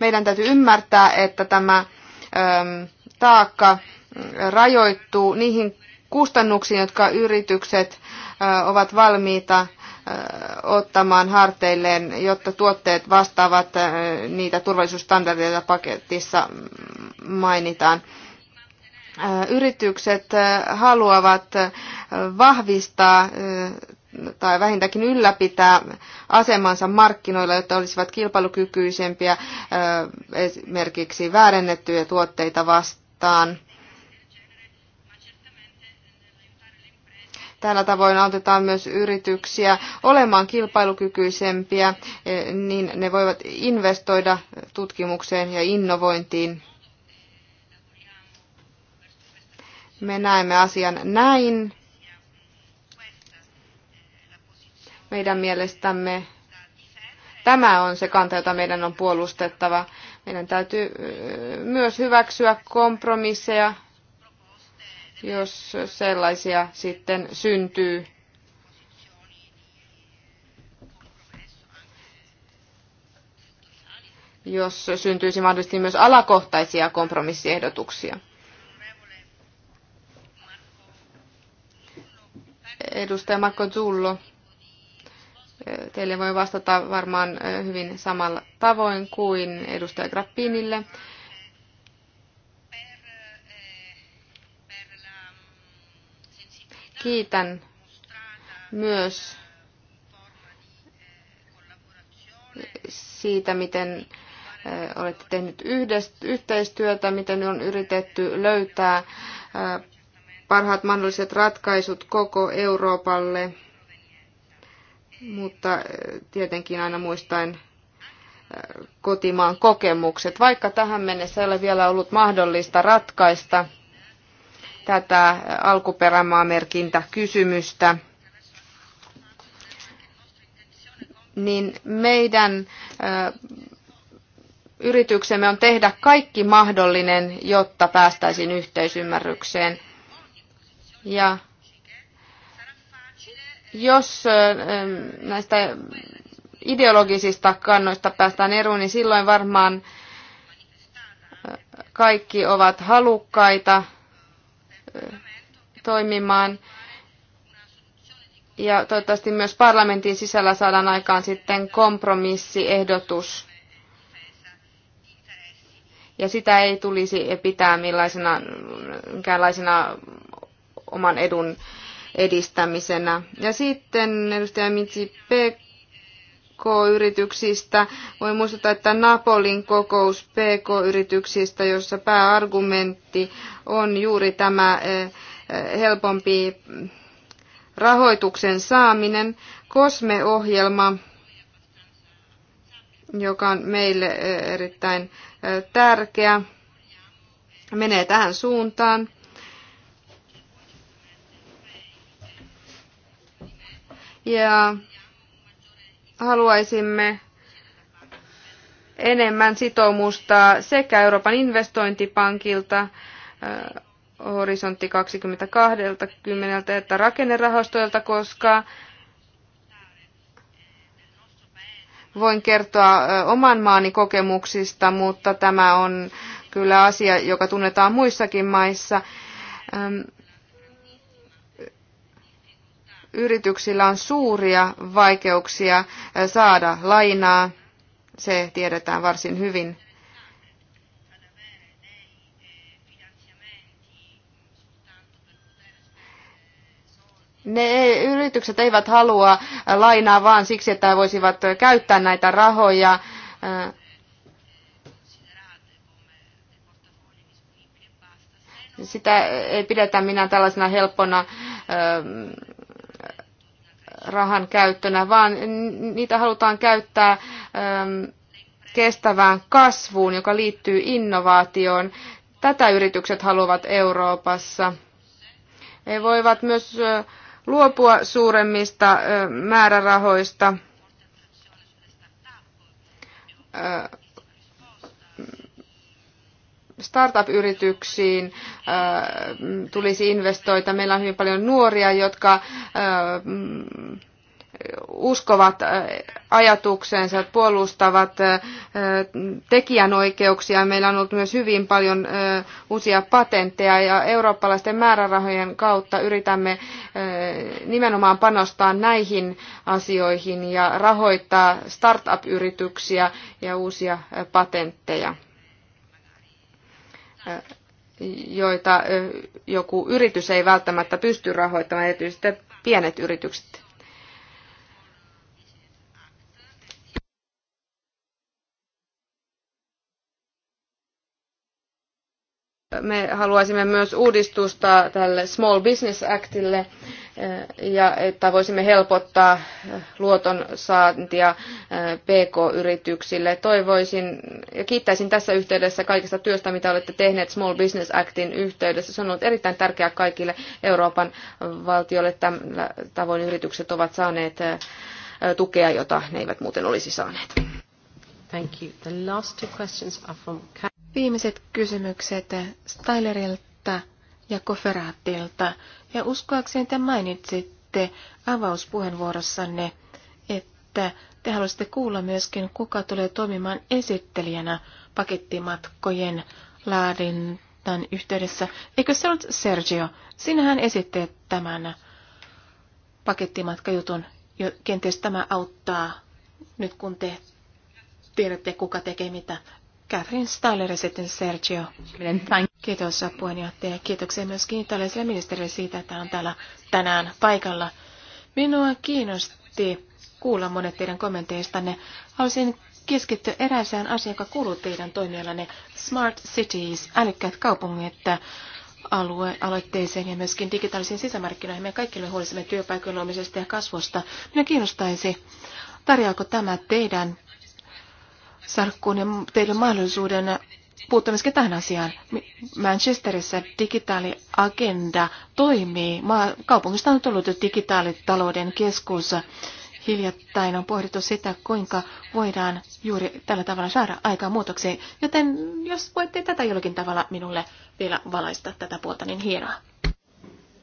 Meidän täytyy ymmärtää, että tämä ähm, taakka äh, rajoittuu niihin kustannuksiin, jotka yritykset äh, ovat valmiita äh, ottamaan harteilleen, jotta tuotteet vastaavat niitä turvallisuusstandardeja, joita paketissa mm, mainitaan. Yritykset haluavat vahvistaa tai vähintäänkin ylläpitää asemansa markkinoilla, jotta olisivat kilpailukykyisempiä esimerkiksi väärennettyjä tuotteita vastaan. Tällä tavoin autetaan myös yrityksiä olemaan kilpailukykyisempiä, niin ne voivat investoida tutkimukseen ja innovointiin. Me näemme asian näin Meidän mielestämme tämä on se kanta, jota meidän on puolustettava. Meidän täytyy myös hyväksyä kompromisseja, jos sellaisia sitten syntyy. jos syntyisi mahdollisesti myös alakohtaisia kompromissiehdotuksia. Edustaja Marko Zullo Teille voi vastata varmaan hyvin samalla tavoin kuin edustaja Grappinille. Kiitän myös siitä, miten olette tehneet yhteistyötä, miten on yritetty löytää parhaat mahdolliset ratkaisut koko Euroopalle mutta eh, tietenkin aina muistaen eh, kotimaan kokemukset. Vaikka tähän mennessä ei ole vielä ollut mahdollista ratkaista tätä eh, kysymystä. niin meidän yrityksemme on tehdä kaikki mahdollinen, jotta päästäisiin yhteisymmärrykseen. Ja jos näistä ideologisista kannoista päästään eroon, niin silloin varmaan kaikki ovat halukkaita toimimaan. Ja toivottavasti myös parlamentin sisällä saadaan aikaan sitten kompromissiehdotus. Ja sitä ei tulisi pitää millaisena, minkäänlaisena oman edun edistämisenä. Ja sitten edustaja Mitsi PK-yrityksistä. Voin muistuttaa, että Napolin kokous PK-yrityksistä, jossa pääargumentti on juuri tämä eh, eh, helpompi rahoituksen saaminen. Kosme-ohjelma, joka on meille eh, erittäin tärkeä, menee tähän suuntaan. ja haluaisimme enemmän sitoumusta sekä Euroopan investointipankilta, horisontti 2020 että rakennerahastoilta, koska voin kertoa oman maani kokemuksista, mutta tämä on kyllä asia, joka tunnetaan muissakin maissa yrityksillä on suuria vaikeuksia saada lainaa. Se tiedetään varsin hyvin. ne yritykset eivät halua lainaa vaan siksi, että he voisivat käyttää näitä rahoja. Sitä ei pidetä minä tällaisena helppona rahan käyttönä, vaan niitä halutaan käyttää kestävään kasvuun, joka liittyy innovaatioon. Tätä yritykset haluavat Euroopassa. He voivat myös luopua suuremmista määrärahoista startup-yrityksiin äh, tulisi investoida. Meillä on hyvin paljon nuoria, jotka äh, mm, uskovat äh, ajatuksensa, puolustavat tekijänoikeuksia. Meillä on ollut myös hyvin paljon uusia patentteja ja eurooppalaisten määrärahojen kautta yritämme nimenomaan panostaa näihin asioihin ja rahoittaa startup-yrityksiä ja uusia patentteja joita joku yritys ei välttämättä pysty rahoittamaan, erityisesti pienet yritykset. me haluaisimme myös uudistusta tälle Small Business Actille, eh, ja että voisimme helpottaa eh, luoton saantia eh, PK-yrityksille. Toivoisin ja kiittäisin tässä yhteydessä kaikesta työstä, mitä olette tehneet Small Business Actin yhteydessä. Se on ollut erittäin tärkeää kaikille Euroopan valtioille. Tällä tavoin yritykset ovat saaneet tukea, jota ne eivät muuten olisi saaneet. Thank you. The last two questions are from Viimeiset kysymykset Stylerilta ja Koferaattilta. Ja uskoakseni te mainitsitte avauspuheenvuorossanne, että te haluaisitte kuulla myöskin, kuka tulee toimimaan esittelijänä pakettimatkojen laadintan yhteydessä. Eikö se ollut Sergio? Sinähän esitte tämän pakettimatkajutun. Jo, kenties tämä auttaa nyt, kun te tiedätte, kuka tekee mitä. Catherine Staller ja sitten Sergio. Kiitos puheenjohtaja. Kiitoksia myöskin italialaiselle ministerille siitä, että on täällä tänään paikalla. Minua kiinnosti kuulla monet teidän kommenteistanne. Haluaisin keskittyä erääseen asiaan, joka kuuluu teidän toimialanne Smart Cities, älykkäät kaupungit, alue, aloitteeseen ja myöskin digitaalisiin sisämarkkinoihin. Me kaikki olemme huolissamme työpaikojen luomisesta ja kasvusta. Minä kiinnostaisi, tarjoako tämä teidän Sarkkuun ja teille mahdollisuuden puuttua tähän asiaan. Manchesterissa digitaaliagenda toimii. kaupungista on tullut digitaalitalouden keskus. Hiljattain on pohdittu sitä, kuinka voidaan juuri tällä tavalla saada aikaa muutokseen. Joten jos voitte tätä jollakin tavalla minulle vielä valaista tätä puolta, niin hienoa.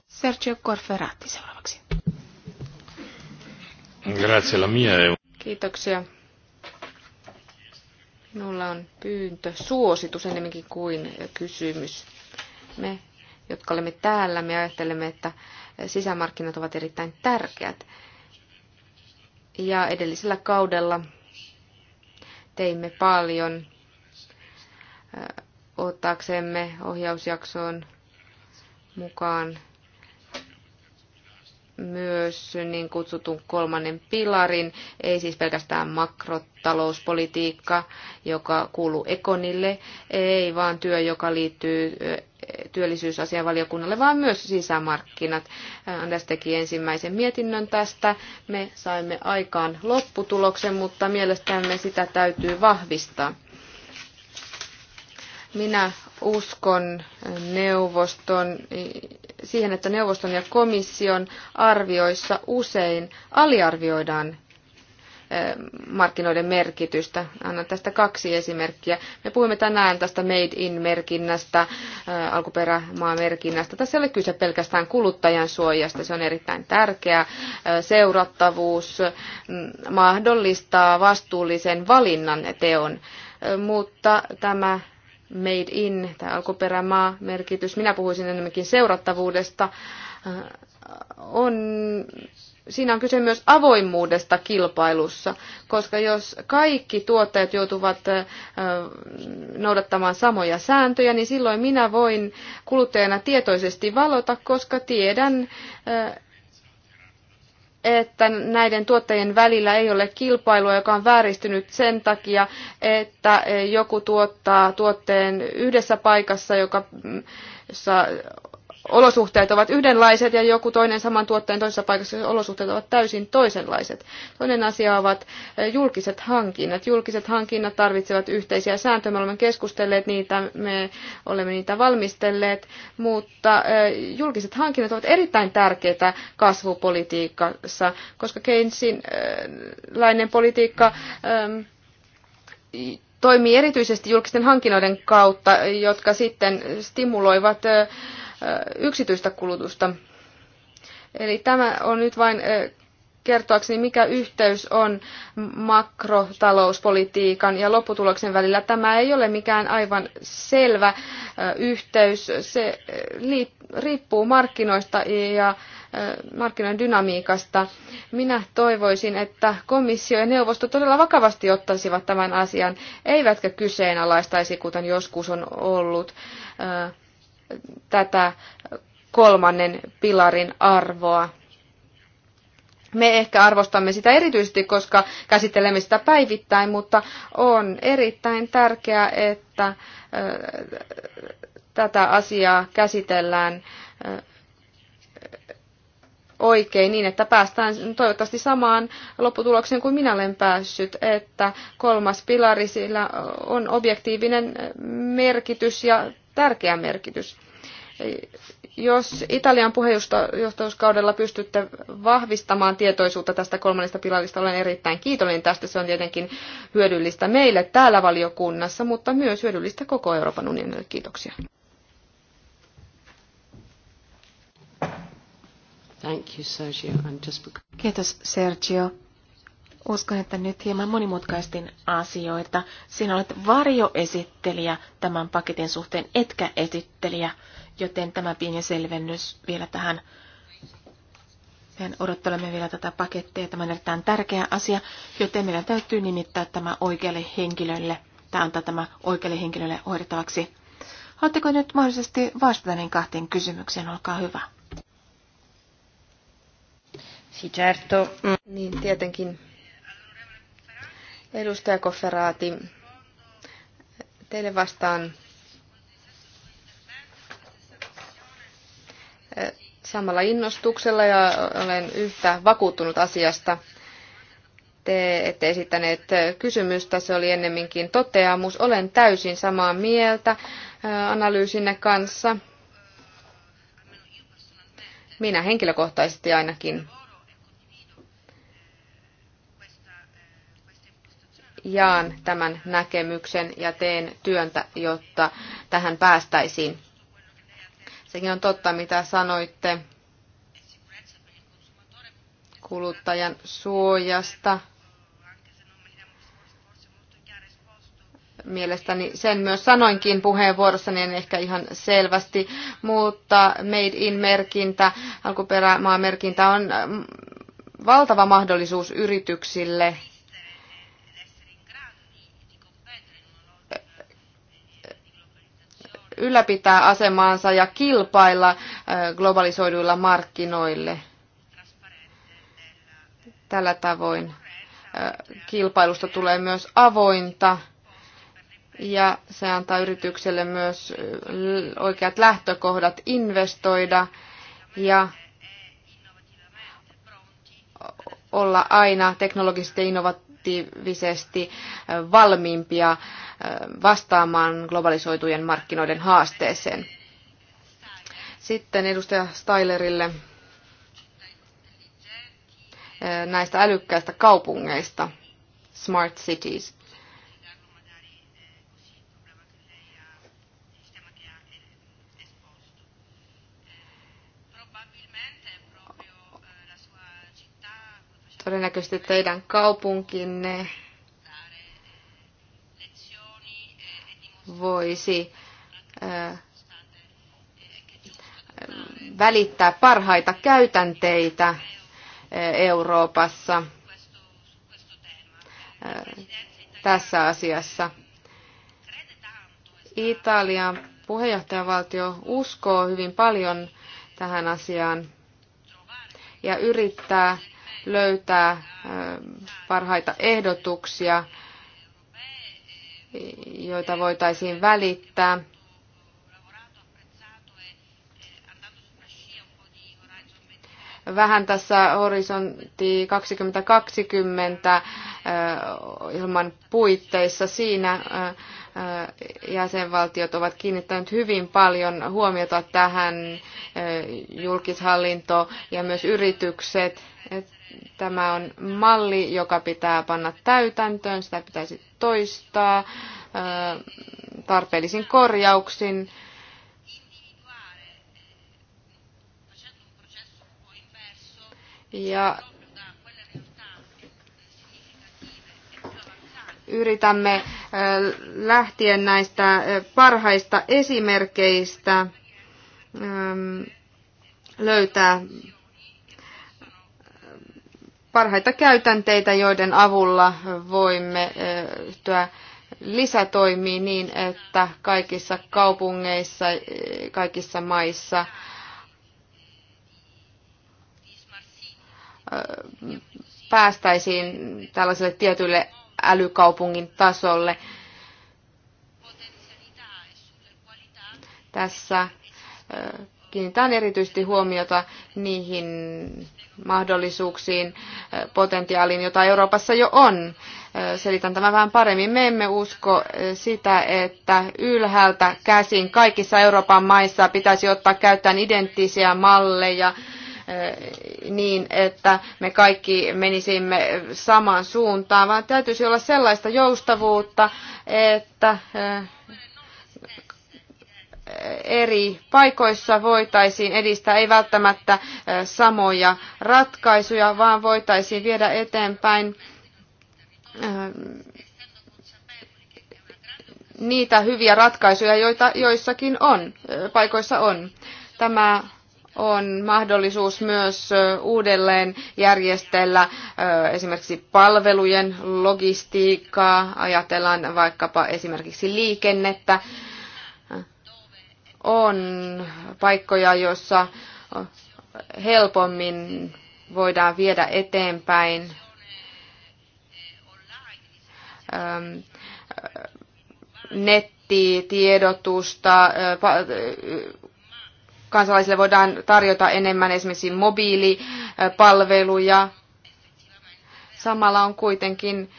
Sergio Corferatti seuraavaksi. Grazie, la mia Kiitoksia. Minulla on pyyntö, suositus enemmänkin kuin kysymys. Me, jotka olemme täällä, me ajattelemme, että sisämarkkinat ovat erittäin tärkeät. Ja edellisellä kaudella teimme paljon ottaaksemme ohjausjaksoon mukaan myös niin kutsutun kolmannen pilarin, ei siis pelkästään makrotalouspolitiikka, joka kuuluu Ekonille, ei vaan työ, joka liittyy työllisyysasianvaliokunnalle, vaan myös sisämarkkinat. Anders teki ensimmäisen mietinnön tästä. Me saimme aikaan lopputuloksen, mutta mielestämme sitä täytyy vahvistaa. Minä uskon neuvoston siihen, että neuvoston ja komission arvioissa usein aliarvioidaan eh, markkinoiden merkitystä. Annan tästä kaksi esimerkkiä. Me puhumme tänään tästä Made in-merkinnästä, eh, alkuperämaamerkinnästä. Tässä ei ole kyse pelkästään kuluttajan suojasta, se on erittäin tärkeää. Eh, seurattavuus mm, mahdollistaa vastuullisen valinnan teon, mutta tämä made in, tämä alkuperämaa merkitys, minä puhuisin enemmänkin seurattavuudesta, äh, on, siinä on kyse myös avoimuudesta kilpailussa, koska jos kaikki tuottajat joutuvat äh, noudattamaan samoja sääntöjä, niin silloin minä voin kuluttajana tietoisesti valota, koska tiedän, äh, että näiden tuottajien välillä ei ole kilpailua, joka on vääristynyt sen takia, että joku tuottaa tuotteen yhdessä paikassa, joka jossa olosuhteet ovat yhdenlaiset ja joku toinen saman tuotteen toisessa paikassa, olosuhteet ovat täysin toisenlaiset. Toinen asia ovat eh, julkiset hankinnat. Julkiset hankinnat tarvitsevat yhteisiä sääntöjä. Me olemme keskustelleet niitä, me olemme niitä valmistelleet, mutta eh, julkiset hankinnat ovat erittäin tärkeitä kasvupolitiikassa, koska Keynesiläinen politiikka toimii erityisesti julkisten hankinnoiden kautta, jotka sitten stimuloivat eh, yksityistä kulutusta. Eli tämä on nyt vain kertoakseni, mikä yhteys on makrotalouspolitiikan ja lopputuloksen välillä. Tämä ei ole mikään aivan selvä yhteys. Se riippuu markkinoista ja markkinoiden dynamiikasta. Minä toivoisin, että komissio ja neuvosto todella vakavasti ottaisivat tämän asian, eivätkä kyseenalaistaisi, kuten joskus on ollut tätä kolmannen pilarin arvoa. Me ehkä arvostamme sitä erityisesti, koska käsittelemme sitä päivittäin, mutta on erittäin tärkeää, että äh, tätä asiaa käsitellään äh, oikein niin, että päästään toivottavasti samaan lopputulokseen kuin minä olen päässyt, että kolmas pilari sillä on objektiivinen äh, merkitys ja tärkeä merkitys. Jos Italian puheenjohtajuuskaudella pystytte vahvistamaan tietoisuutta tästä kolmannesta pilarista, olen erittäin kiitollinen tästä. Se on tietenkin hyödyllistä meille täällä valiokunnassa, mutta myös hyödyllistä koko Euroopan unionille. Kiitoksia. Thank you, Sergio. I'm just... Kiitos Sergio. Uskon, että nyt hieman monimutkaistin asioita. Sinä olet varjoesittelijä tämän paketin suhteen, etkä esittelijä, joten tämä pieni selvennys vielä tähän. Mehän odottelemme vielä tätä pakettia. Tämä on erittäin tärkeä asia, joten meidän täytyy nimittää tämä oikealle henkilölle Tämä antaa tämä oikealle henkilölle hoidettavaksi. Haluatteko nyt mahdollisesti vastata niin kahteen kysymykseen? Olkaa hyvä. Si certo. Mm. Niin, tietenkin. Edustaja Kofferaati, teille vastaan samalla innostuksella ja olen yhtä vakuuttunut asiasta. Te ette esittäneet kysymystä, se oli ennemminkin toteamus. Olen täysin samaa mieltä analyysinne kanssa. Minä henkilökohtaisesti ainakin jaan tämän näkemyksen ja teen työntä, jotta tähän päästäisiin. Sekin on totta, mitä sanoitte kuluttajan suojasta. Mielestäni sen myös sanoinkin puheenvuorossani, en ehkä ihan selvästi, mutta Made in-merkintä, alkuperämaamerkintä on valtava mahdollisuus yrityksille – ylläpitää asemaansa ja kilpailla globalisoiduilla markkinoille. Tällä tavoin kilpailusta tulee myös avointa ja se antaa yritykselle myös oikeat lähtökohdat investoida ja olla aina teknologisesti innovat aktiivisesti äh, valmiimpia äh, vastaamaan globalisoitujen markkinoiden haasteeseen. Sitten edustaja Stylerille äh, näistä älykkäistä kaupungeista, smart cities. Todennäköisesti teidän kaupunkinne voisi välittää parhaita käytänteitä Euroopassa tässä asiassa. Italian puheenjohtajavaltio uskoo hyvin paljon tähän asiaan ja yrittää löytää parhaita ehdotuksia, joita voitaisiin välittää. vähän tässä horisontti 2020 ilman puitteissa. Siinä jäsenvaltiot ovat kiinnittäneet hyvin paljon huomiota tähän julkishallinto ja myös yritykset. Tämä on malli, joka pitää panna täytäntöön, sitä pitäisi toistaa tarpeellisin korjauksin. Ja yritämme lähtien näistä parhaista esimerkkeistä löytää parhaita käytänteitä, joiden avulla voimme yhtyä lisätoimiin niin, että kaikissa kaupungeissa, kaikissa maissa päästäisiin tällaiselle tietylle älykaupungin tasolle. Tässä kiinnitän erityisesti huomiota niihin mahdollisuuksiin, potentiaaliin, jota Euroopassa jo on. Selitän tämän vähän paremmin. Me emme usko sitä, että ylhäältä käsin kaikissa Euroopan maissa pitäisi ottaa käyttöön identtisiä malleja niin, että me kaikki menisimme samaan suuntaan, vaan täytyisi olla sellaista joustavuutta, että eri paikoissa voitaisiin edistää ei välttämättä samoja ratkaisuja, vaan voitaisiin viedä eteenpäin niitä hyviä ratkaisuja, joita joissakin on, paikoissa on. Tämä on mahdollisuus myös uudelleen järjestellä esimerkiksi palvelujen logistiikkaa, ajatellaan vaikkapa esimerkiksi liikennettä. On paikkoja, joissa helpommin voidaan viedä eteenpäin nettitiedotusta, kansalaisille voidaan tarjota enemmän esimerkiksi mobiilipalveluja. Samalla on kuitenkin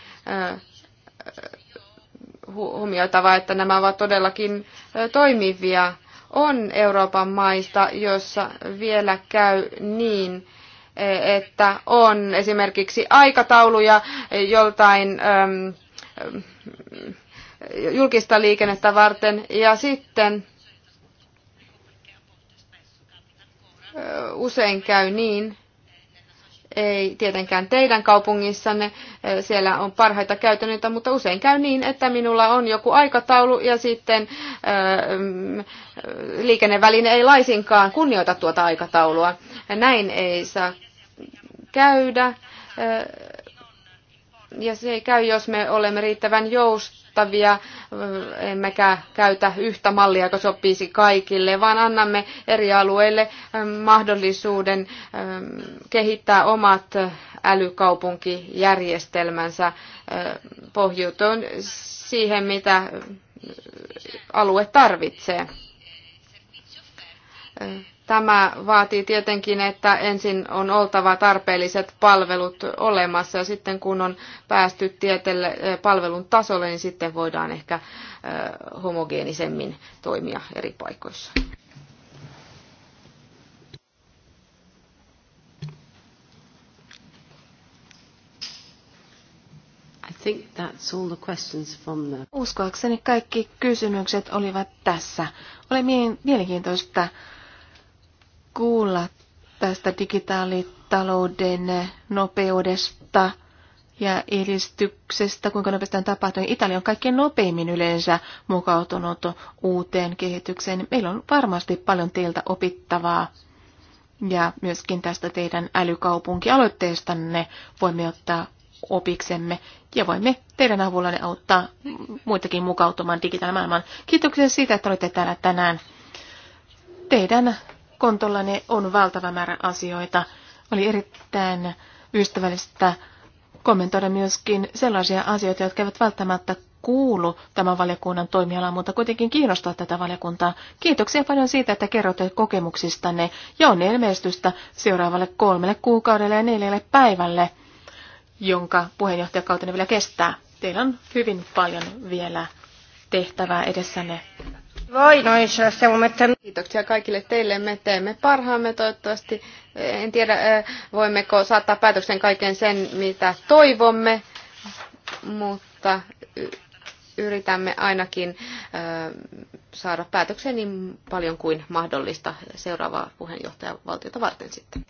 huomioitava, että nämä ovat todellakin toimivia. On Euroopan maista, jossa vielä käy niin, e, että on esimerkiksi aikatauluja e, joltain julkista liikennettä varten ja sitten usein käy niin, ei tietenkään teidän kaupungissanne, siellä on parhaita käytännöitä, mutta usein käy niin, että minulla on joku aikataulu ja sitten mm, liikenneväline ei laisinkaan kunnioita tuota aikataulua. Näin ei saa käydä ja se ei käy, jos me olemme riittävän joustavia joustavia, emmekä käytä yhtä mallia, joka sopisi kaikille, vaan annamme eri alueille ähm, mahdollisuuden ähm, kehittää omat älykaupunkijärjestelmänsä äh, pohjautuen siihen, mitä äh, alue tarvitsee äh, Tämä vaatii tietenkin, että ensin on oltava tarpeelliset palvelut olemassa ja sitten kun on päästy tietelle eh, palvelun tasolle, niin sitten voidaan ehkä eh, homogeenisemmin toimia eri paikoissa. think that's all the questions from the... Uskoakseni kaikki kysymykset olivat tässä. Oli mielenkiintoista kuulla tästä digitaalitalouden nopeudesta ja edistyksestä, kuinka nopeasti on tapahtunut. Italia on kaikkein nopeimmin yleensä mukautunut uuteen kehitykseen. Meillä on varmasti paljon teiltä opittavaa. Ja myöskin tästä teidän älykaupunkialoitteestanne voimme ottaa opiksemme ja voimme teidän avullanne auttaa muitakin mukautumaan digitaalimaailmaan. Kiitoksia siitä, että olette täällä tänään. Teidän kontollani on valtava määrä asioita. Oli erittäin ystävällistä kommentoida myöskin sellaisia asioita, jotka eivät välttämättä kuulu tämän valiokunnan toimialaan, mutta kuitenkin kiinnostaa tätä valiokuntaa. Kiitoksia paljon siitä, että kerrotte kokemuksistanne ja on ilmestystä seuraavalle kolmelle kuukaudelle ja neljälle päivälle, jonka puheenjohtajakautenne vielä kestää. Teillä on hyvin paljon vielä tehtävää edessänne. No Kiitoksia kaikille teille. Me teemme parhaamme toivottavasti. En tiedä, voimmeko saattaa päätöksen kaiken sen, mitä toivomme, mutta yritämme ainakin saada päätöksen niin paljon kuin mahdollista seuraavaa puheenjohtajavaltiota varten sitten.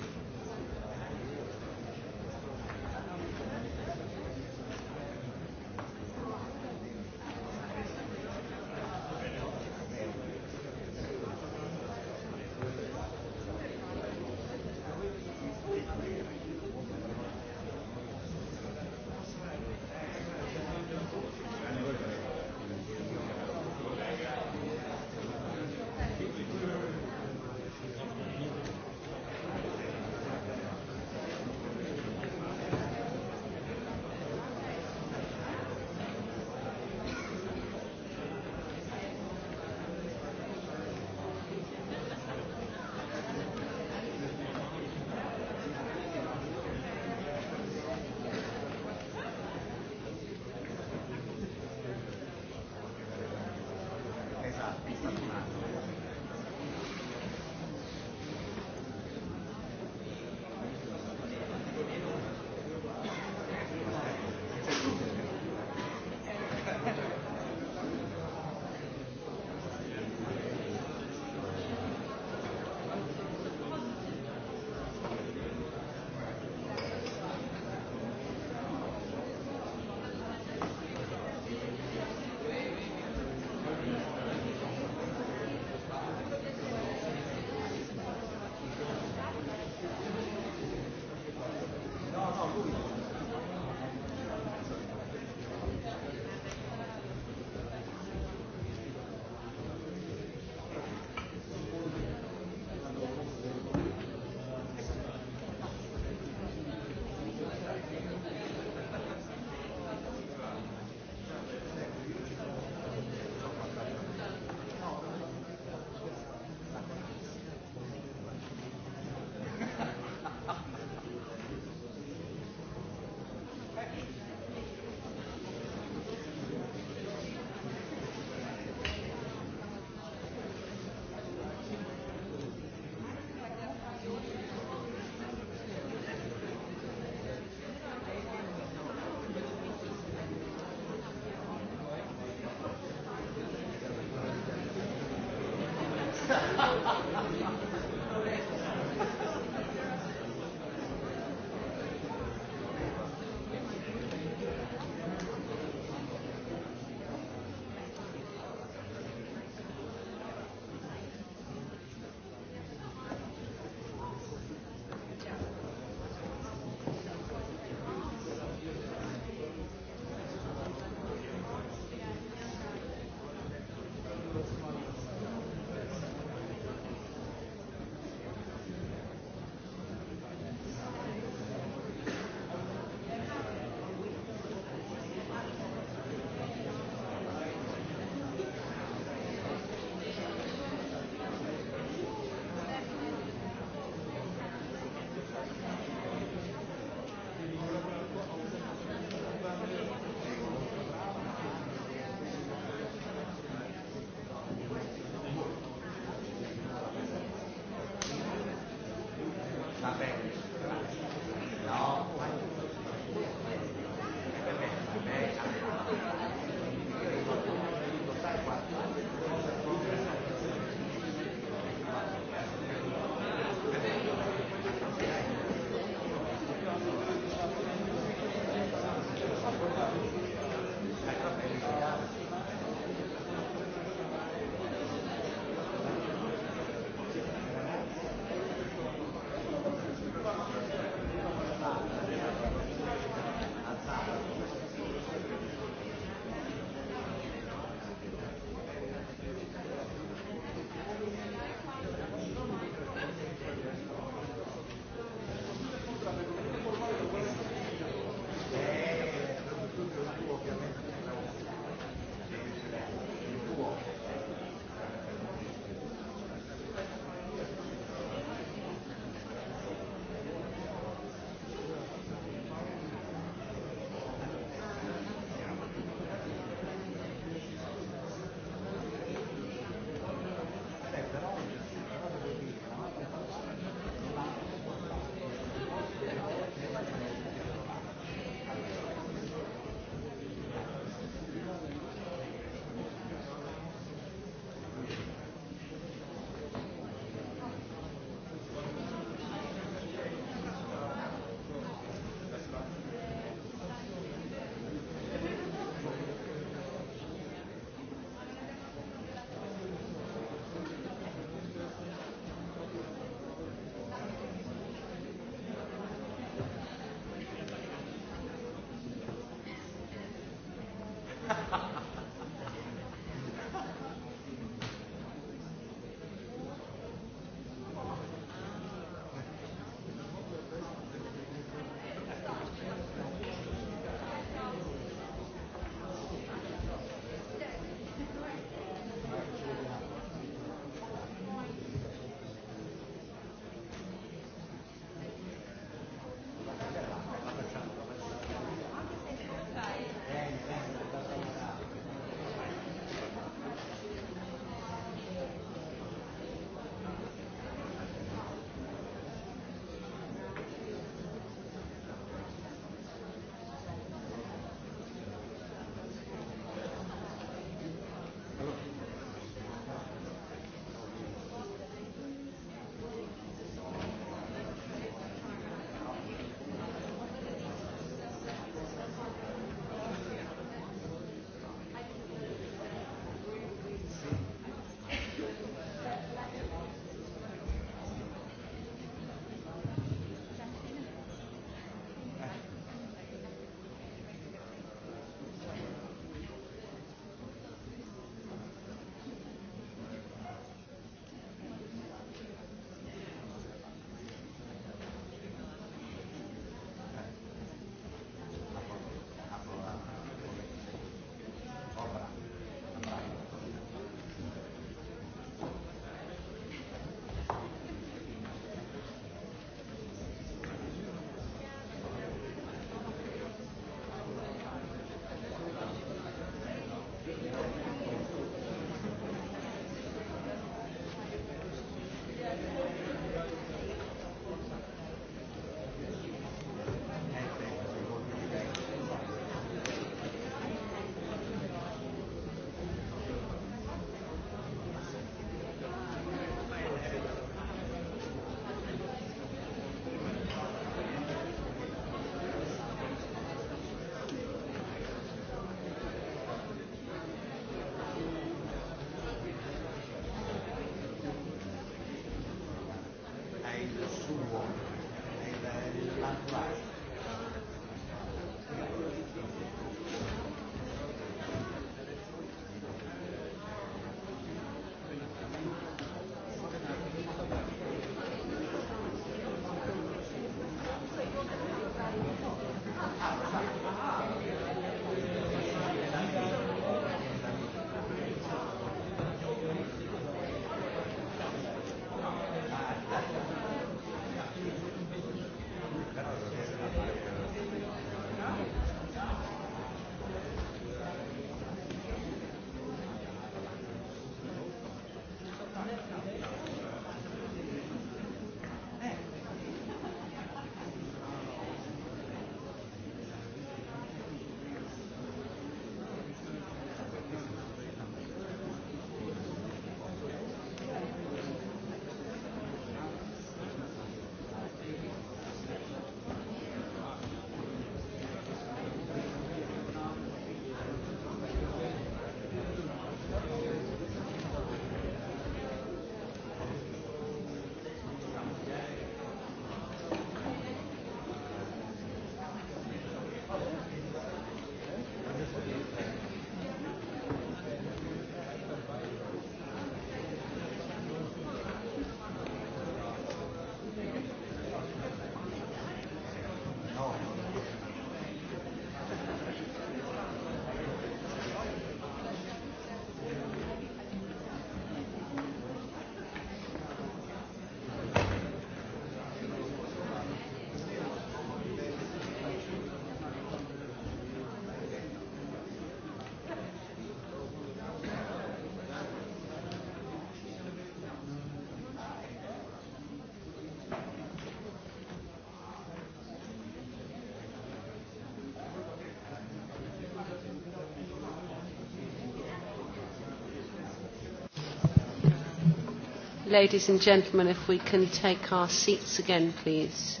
ladies and gentlemen, if we can take our seats again, please.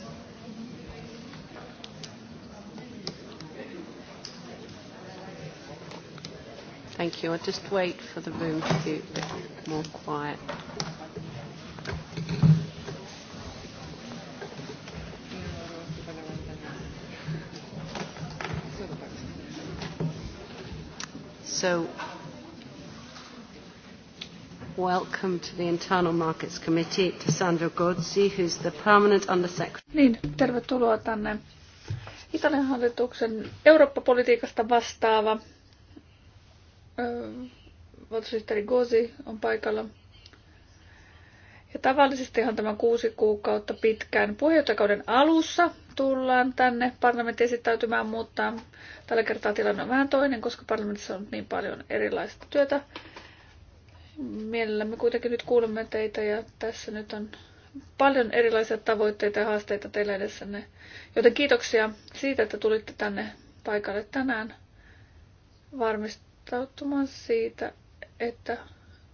Thank you. I'll just wait for the room to be a bit more quiet. So welcome to the Internal Markets Committee to Sandro Gozzi, who's the permanent undersecretary. Niin, tervetuloa tänne Italian hallituksen Eurooppa-politiikasta vastaava valtiosihteeri Gozzi on paikalla. Ja tavallisestihan tämän kuusi kuukautta pitkään puheenjohtajakauden alussa tullaan tänne parlamentti esittäytymään, mutta tällä kertaa tilanne on vähän toinen, koska parlamentissa on niin paljon erilaista työtä. Mielellämme kuitenkin nyt kuulemme teitä ja tässä nyt on paljon erilaisia tavoitteita ja haasteita teillä edessänne. Joten kiitoksia siitä, että tulitte tänne paikalle tänään varmistautumaan siitä, että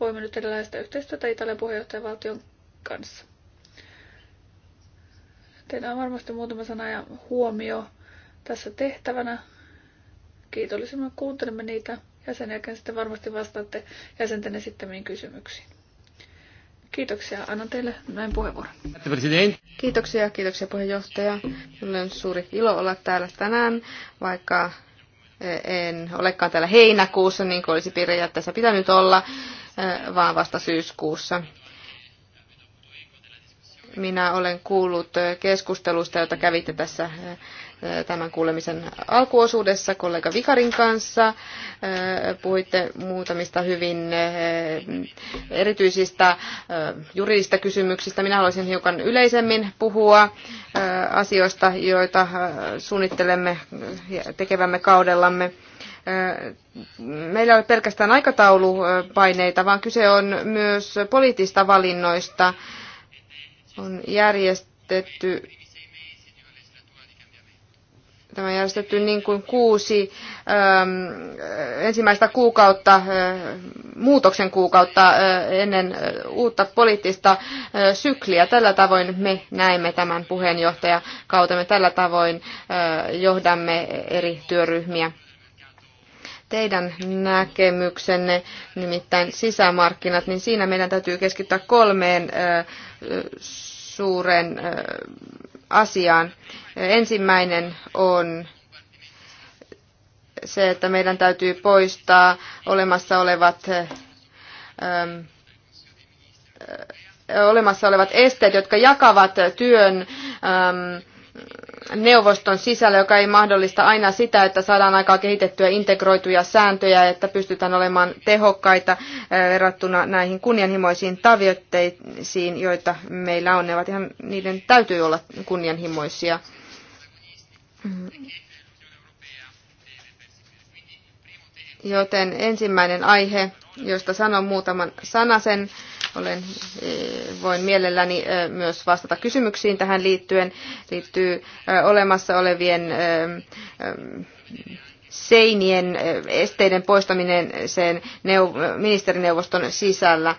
voimme nyt edellä läheistä yhteistyötä Italian puheenjohtajavaltion kanssa. Teillä on varmasti muutama sana ja huomio tässä tehtävänä. Kiitollisimman kuuntelemme niitä. Ja sen jälkeen sitten varmasti vastaatte jäsenten esittämiin kysymyksiin. Kiitoksia. Annan teille näin puheenvuoron. Kiitoksia, kiitoksia puheenjohtaja. Minulla on suuri ilo olla täällä tänään, vaikka eh, en olekaan täällä heinäkuussa, niin kuin olisi periaatteessa pitänyt olla, eh, vaan vasta syyskuussa. Minä olen kuullut eh, keskustelusta, jota kävitte tässä tämän kuulemisen alkuosuudessa kollega Vikarin kanssa. Puhuitte muutamista hyvin erityisistä juridista kysymyksistä. Minä haluaisin hiukan yleisemmin puhua asioista, joita suunnittelemme tekevämme kaudellamme meillä ei ole pelkästään aikataulupaineita, vaan kyse on myös poliittista valinnoista. On järjestetty Tämä on järjestetty niin kuin kuusi ähm, ensimmäistä kuukautta, äh, muutoksen kuukautta äh, ennen äh, uutta poliittista sykliä. Tällä tavoin me näemme tämän puheenjohtajakautemme, tällä tavoin johdamme eri työryhmiä teidän näkemyksenne, nimittäin sisämarkkinat, niin siinä meidän täytyy keskittää kolmeen suuren asiaan. Ensimmäinen on se, että meidän täytyy poistaa olemassa olevat ähm, äh, olemassa olevat esteet, jotka jakavat työn ähm, neuvoston sisällä, joka ei mahdollista aina sitä, että saadaan aikaa kehitettyä integroituja sääntöjä, että pystytään olemaan tehokkaita äh, verrattuna näihin kunnianhimoisiin tavoitteisiin, joita meillä on. Ne ovat ihan, niiden täytyy olla kunnianhimoisia. Joten ensimmäinen aihe, josta sanon muutaman sanasen, sen olen, e, voin mielelläni e, myös vastata kysymyksiin tähän liittyen. Liittyy e, olemassa olevien seinien esteiden poistaminen sen ministerineuvoston sisällä.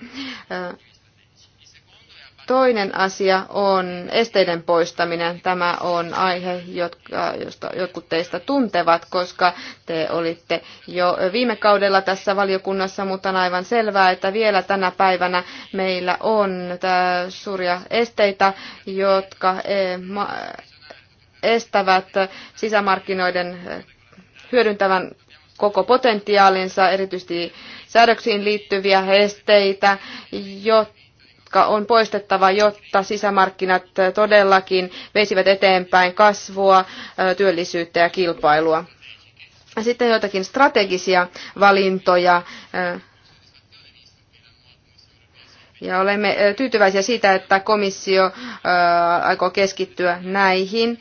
Toinen asia on esteiden poistaminen. Tämä on aihe, jotka, josta jotkut teistä tuntevat, koska te olitte jo viime kaudella tässä valiokunnassa, mutta on aivan selvää, että vielä tänä päivänä meillä on suuria esteitä, jotka e, estävät sisämarkkinoiden e, hyödyntävän koko potentiaalinsa, erityisesti säädöksiin liittyviä esteitä, jotta jotka on poistettava, jotta sisämarkkinat todellakin veisivät eteenpäin kasvua, työllisyyttä ja kilpailua. Sitten joitakin strategisia valintoja. Ja olemme tyytyväisiä siitä, että komissio aikoo keskittyä näihin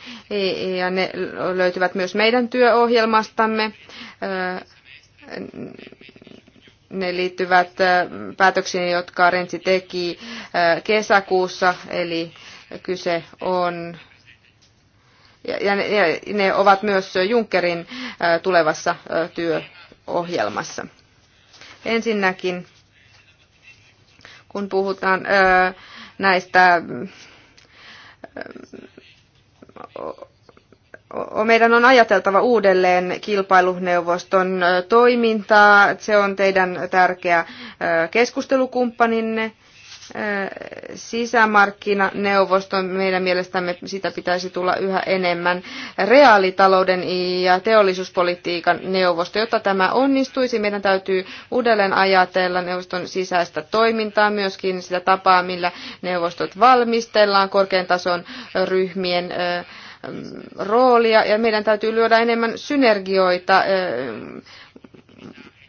ja ne löytyvät myös meidän työohjelmastamme ne liittyvät päätöksiin, jotka Rensi teki kesäkuussa, eli kyse on ja, ne ovat myös Junckerin tulevassa työohjelmassa. Ensinnäkin, kun puhutaan näistä meidän on ajateltava uudelleen kilpailuneuvoston toimintaa. Se on teidän tärkeä keskustelukumppaninne. Sisämarkkinaneuvoston meidän mielestämme sitä pitäisi tulla yhä enemmän reaalitalouden ja teollisuuspolitiikan neuvosto. Jotta tämä onnistuisi, meidän täytyy uudelleen ajatella neuvoston sisäistä toimintaa, myöskin sitä tapaa, millä neuvostot valmistellaan korkean tason ryhmien roolia ja meidän täytyy lyödä enemmän synergioita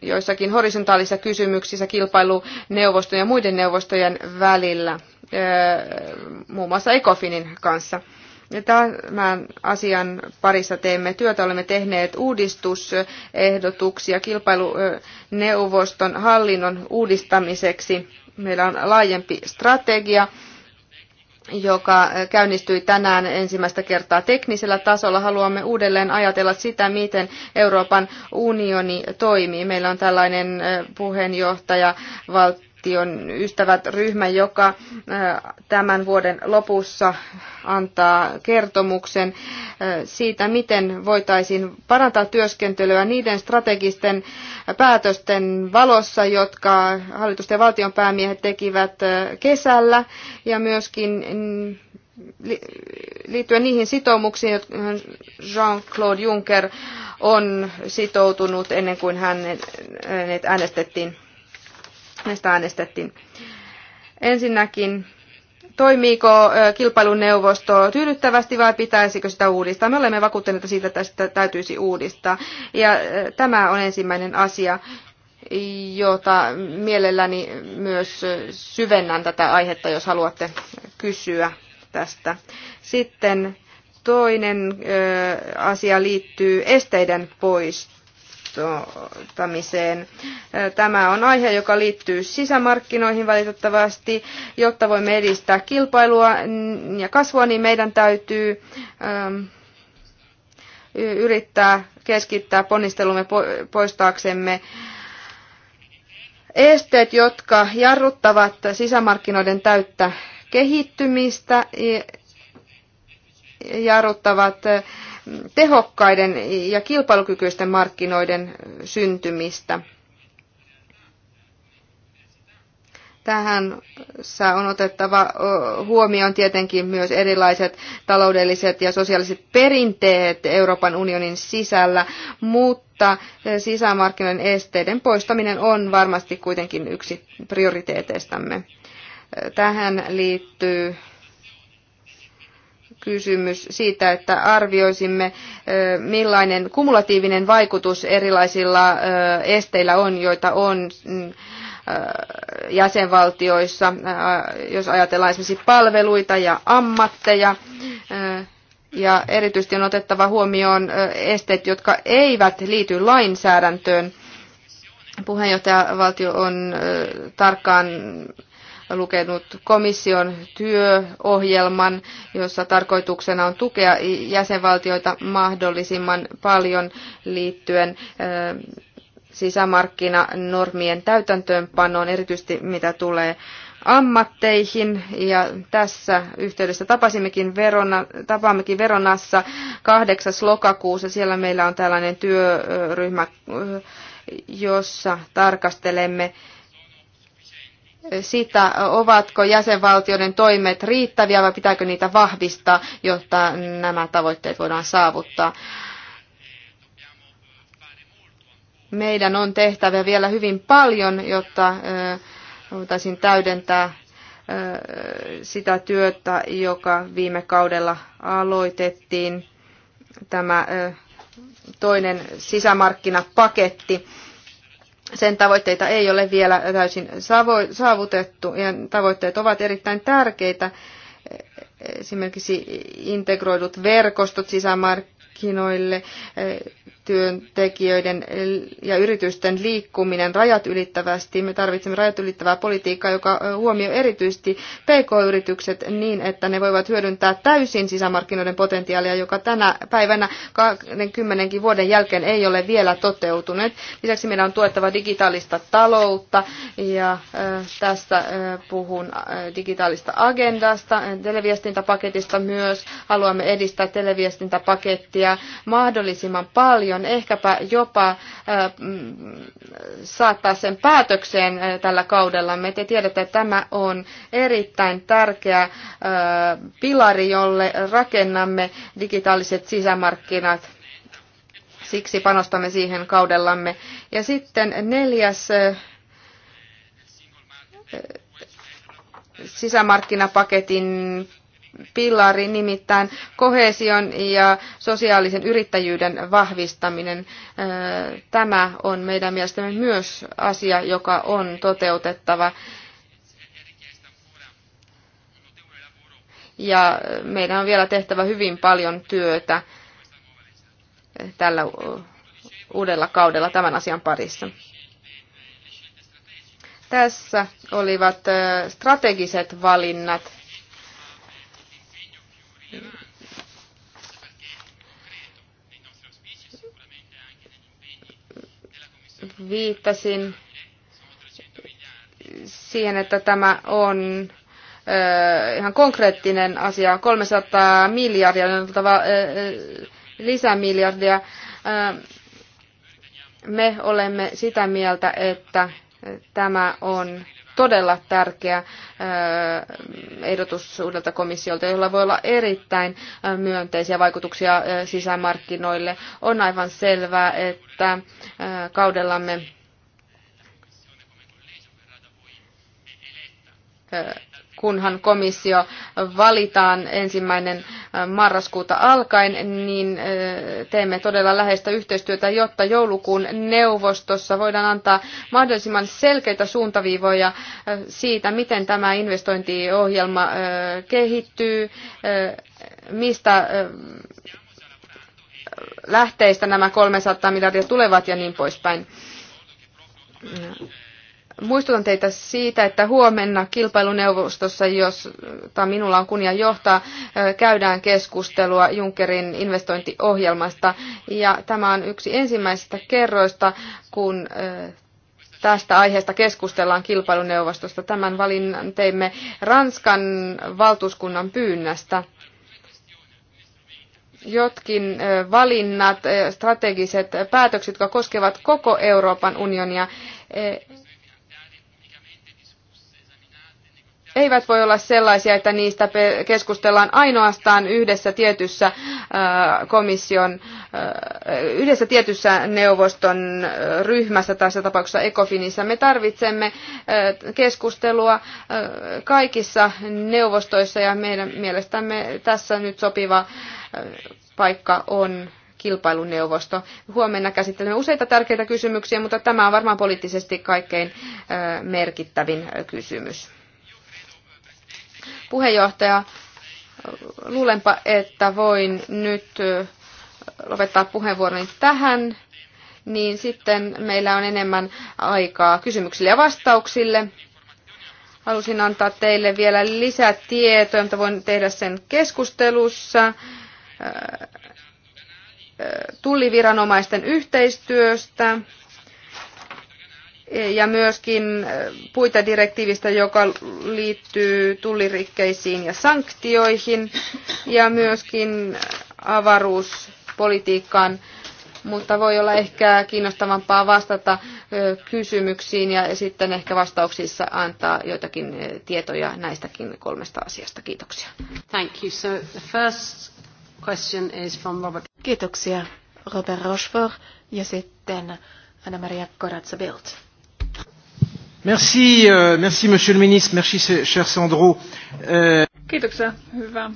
joissakin horisontaalisissa kysymyksissä kilpailuneuvoston ja muiden neuvostojen välillä, muun muassa Ecofinin kanssa. Tämän asian parissa teemme työtä. Olemme tehneet uudistusehdotuksia kilpailuneuvoston hallinnon uudistamiseksi. Meillä on laajempi strategia joka käynnistyi tänään ensimmäistä kertaa teknisellä tasolla. Haluamme uudelleen ajatella sitä, miten Euroopan unioni toimii. Meillä on tällainen eh, puheenjohtaja valtio valtion ystävät ryhmä, joka tämän vuoden lopussa antaa kertomuksen siitä, miten voitaisiin parantaa työskentelyä niiden strategisten päätösten valossa, jotka hallitusten ja valtion päämiehet tekivät kesällä ja myöskin mm, liittyen niihin sitoumuksiin, joihin Jean-Claude Juncker on sitoutunut ennen kuin hänet äänestettiin Näistä äänestettiin. Ensinnäkin, toimiiko kilpailuneuvosto tyydyttävästi vai pitäisikö sitä uudistaa? Me olemme vakuuttuneita siitä, että sitä täytyisi uudistaa. Ja tämä on ensimmäinen asia, jota mielelläni myös syvennän tätä aihetta, jos haluatte kysyä tästä. Sitten toinen asia liittyy esteiden poistoon vahvistamiseen. Tämä on aihe, joka liittyy sisämarkkinoihin valitettavasti. Jotta voimme edistää kilpailua ja kasvua, niin meidän täytyy ähm, yrittää keskittää ponnistelumme poistaaksemme esteet, jotka jarruttavat sisämarkkinoiden täyttä kehittymistä, jarruttavat tehokkaiden ja kilpailukykyisten markkinoiden syntymistä. Tähän on otettava huomioon tietenkin myös erilaiset taloudelliset ja sosiaaliset perinteet Euroopan unionin sisällä, mutta sisämarkkinoiden esteiden poistaminen on varmasti kuitenkin yksi prioriteeteistamme. Tähän liittyy kysymys siitä, että arvioisimme, millainen kumulatiivinen vaikutus erilaisilla esteillä on, joita on mm, jäsenvaltioissa, jos ajatellaan esimerkiksi palveluita ja ammatteja. Ja erityisesti on otettava huomioon esteet, jotka eivät liity lainsäädäntöön. Puheenjohtajavaltio on tarkkaan lukenut komission työohjelman, jossa tarkoituksena on tukea jäsenvaltioita mahdollisimman paljon liittyen eh, sisämarkkinanormien täytäntöönpanoon, erityisesti mitä tulee ammatteihin ja tässä yhteydessä tapasimmekin verona, tapaammekin Veronassa 8. lokakuussa. Siellä meillä on tällainen työryhmä, eh, jossa tarkastelemme sitä, ovatko jäsenvaltioiden toimet riittäviä vai pitääkö niitä vahvistaa, jotta nämä tavoitteet voidaan saavuttaa. Meidän on tehtävä vielä hyvin paljon, jotta voitaisiin täydentää sitä työtä, joka viime kaudella aloitettiin, tämä toinen sisämarkkinapaketti sen tavoitteita ei ole vielä täysin saavutettu ja tavoitteet ovat erittäin tärkeitä. Esimerkiksi integroidut verkostot sisämarkkinoilla markkinoille, eh, työntekijöiden ja yritysten liikkuminen rajat ylittävästi. Me tarvitsemme rajat ylittävää politiikkaa, joka eh, huomioi erityisesti PK-yritykset niin, että ne voivat hyödyntää täysin sisämarkkinoiden potentiaalia, joka tänä päivänä 20 vuoden jälkeen ei ole vielä toteutunut. Lisäksi meidän on tuettava digitaalista taloutta ja eh, tästä puhun digitaalista agendasta, televiestintäpaketista myös. Haluamme edistää televiestintäpakettia mahdollisimman paljon, ehkäpä jopa äh, mm, saattaa sen päätökseen äh, tällä kaudella. Me te tiedätte, että tämä on erittäin tärkeä äh, pilari, jolle rakennamme digitaaliset sisämarkkinat siksi panostamme siihen kaudellamme. Ja sitten neljäs sisämarkkinapaketin pilari, nimittäin kohesion ja sosiaalisen yrittäjyyden vahvistaminen. Tämä on meidän mielestämme myös asia, joka on toteutettava. Ja meidän on vielä tehtävä hyvin paljon työtä tällä uudella kaudella tämän asian parissa. Tässä olivat strategiset valinnat Viittasin siihen, että tämä on ihan konkreettinen asia, 300 miljardia, on oltava lisämiljardia. Me olemme sitä mieltä, että tämä on todella tärkeä ehdotus uudelta komissiolta, jolla voi olla erittäin myönteisiä vaikutuksia sisämarkkinoille. On aivan selvää, että kaudellamme kunhan komissio valitaan ensimmäinen äh, marraskuuta alkaen, niin äh, teemme todella läheistä yhteistyötä, jotta joulukuun neuvostossa voidaan antaa mahdollisimman selkeitä suuntaviivoja äh, siitä, miten tämä investointiohjelma kehittyy, mistä lähteistä nämä 300 miljardia tulevat ja niin poispäin Muistutan teitä siitä, että huomenna kilpailuneuvostossa, jota minulla on kunnia johtaa, käydään keskustelua Junckerin investointiohjelmasta. Ja tämä on yksi ensimmäisistä kerroista, kun tästä aiheesta keskustellaan kilpailuneuvostosta. Tämän valinnan teimme Ranskan valtuuskunnan pyynnästä jotkin valinnat, strategiset päätökset, jotka koskevat koko Euroopan unionia, e, eivät voi olla sellaisia, että niistä keskustellaan ainoastaan yhdessä tietyssä äh, komission, äh, yhdessä tietyssä neuvoston äh, ryhmässä, tässä tapauksessa ECOFINissa. Me tarvitsemme keskustelua kaikissa neuvostoissa ja meidän mielestämme tässä nyt sopiva paikka on kilpailuneuvosto. Huomenna käsittelemme useita tärkeitä kysymyksiä, mutta tämä on varmaan poliittisesti kaikkein merkittävin kysymys puheenjohtaja. Luulenpa, että voin nyt lopettaa puheenvuoroni tähän, niin sitten meillä on enemmän aikaa kysymyksille ja vastauksille. Halusin antaa teille vielä lisätietoja, mutta voin tehdä sen keskustelussa tulliviranomaisten yhteistyöstä ja myöskin äh, puitedirektiivistä, joka liittyy tullirikkeisiin ja sanktioihin ja myöskin avaruuspolitiikkaan, mutta voi olla ehkä kiinnostavampaa vastata kysymyksiin ja sitten ehkä vastauksissa antaa joitakin tietoja näistäkin kolmesta asiasta. Kiitoksia. Thank you. So the first question is from Robert. Kiitoksia Robert Rochefort ja sitten Anna-Maria corazza bild Merci, euh, merci monsieur le ministre, merci cher Sandro. Euh... Kiitoksia, hyvä.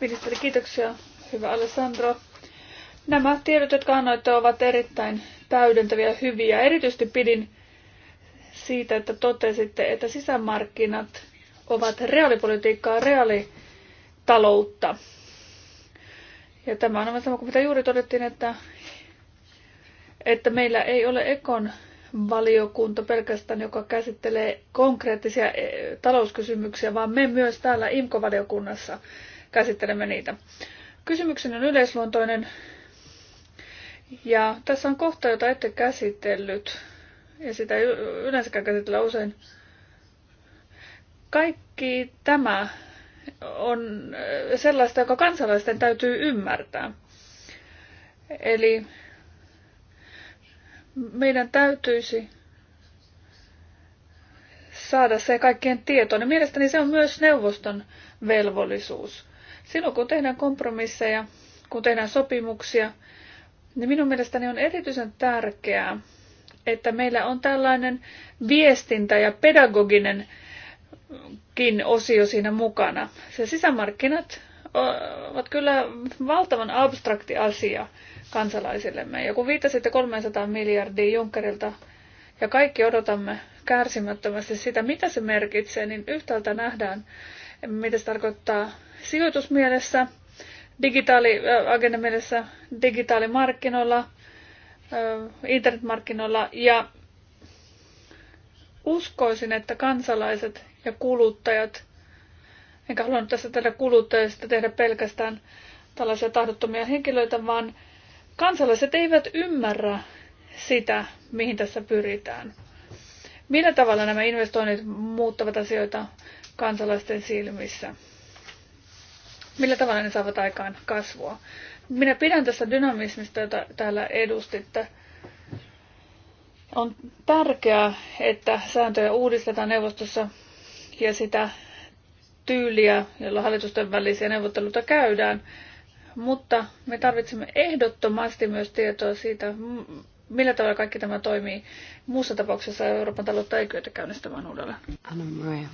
Ministeri, kiitoksia, hyvä Alessandro. Nämä tiedot, jotka annoitte, ovat erittäin täydentäviä hyviä. Erityisesti pidin siitä, että totesitte, että sisämarkkinat ovat reaalipolitiikkaa, reaalitaloutta. Ja tämä on sama kuin mitä juuri todettiin, että että meillä ei ole Ekon valiokunta pelkästään, joka käsittelee konkreettisia eh, talouskysymyksiä, vaan me myös täällä IMKO-valiokunnassa käsittelemme niitä. Kysymykseni on yleisluontoinen ja tässä on kohta, jota ette käsitellyt ja sitä ei yleensäkään käsitellä usein. Kaikki tämä on eh, sellaista, joka kansalaisten täytyy ymmärtää. Eli meidän täytyisi saada se kaikkien tietoon. Ja mielestäni se on myös neuvoston velvollisuus. Silloin kun tehdään kompromisseja, kun tehdään sopimuksia, niin minun mielestäni on erityisen tärkeää, että meillä on tällainen viestintä ja pedagoginenkin osio siinä mukana. Se sisämarkkinat ovat kyllä valtavan abstrakti asia kansalaisillemme. Ja kun viittasitte 300 miljardia Junckerilta ja kaikki odotamme kärsimättömästi sitä, mitä se merkitsee, niin yhtäältä nähdään, mitä se tarkoittaa sijoitusmielessä, digitaaliagenda mielessä, digitaalimarkkinoilla, internetmarkkinoilla ja uskoisin, että kansalaiset ja kuluttajat, enkä halunnut tässä tehdä kuluttajista tehdä pelkästään tällaisia tahdottomia henkilöitä, vaan Kansalaiset eivät ymmärrä sitä, mihin tässä pyritään. Millä tavalla nämä investoinnit muuttavat asioita kansalaisten silmissä? Millä tavalla ne saavat aikaan kasvua? Minä pidän tässä dynamismista, jota täällä edustitte. On tärkeää, että sääntöjä uudistetaan neuvostossa ja sitä tyyliä, jolla hallitusten välisiä neuvotteluita käydään, mutta me tarvitsemme ehdottomasti myös tietoa siitä, millä tavalla kaikki tämä toimii. Muussa tapauksessa Euroopan taloutta ei kyetä käynnistämään uudelleen. Anna-Maria.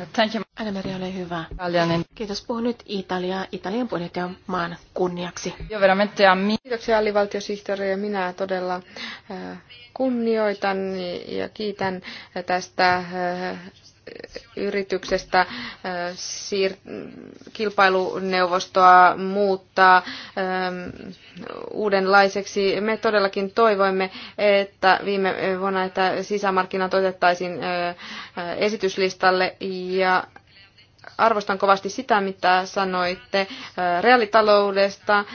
Uh, thank you. Anna-Maria, ole hyvä. Italianen. Kiitos. Puhun nyt Italiaa, Italian puheenjohtajan maan kunniaksi. Kiitoksia alivaltiosihteeri ja minä todella äh, kunnioitan ja kiitän äh, tästä äh, yrityksestä siir- kilpailuneuvostoa muuttaa uudenlaiseksi. Me todellakin toivoimme, että viime vuonna että sisämarkkinat otettaisiin esityslistalle ja arvostan kovasti sitä, mitä sanoitte äh, reaalitaloudesta äh,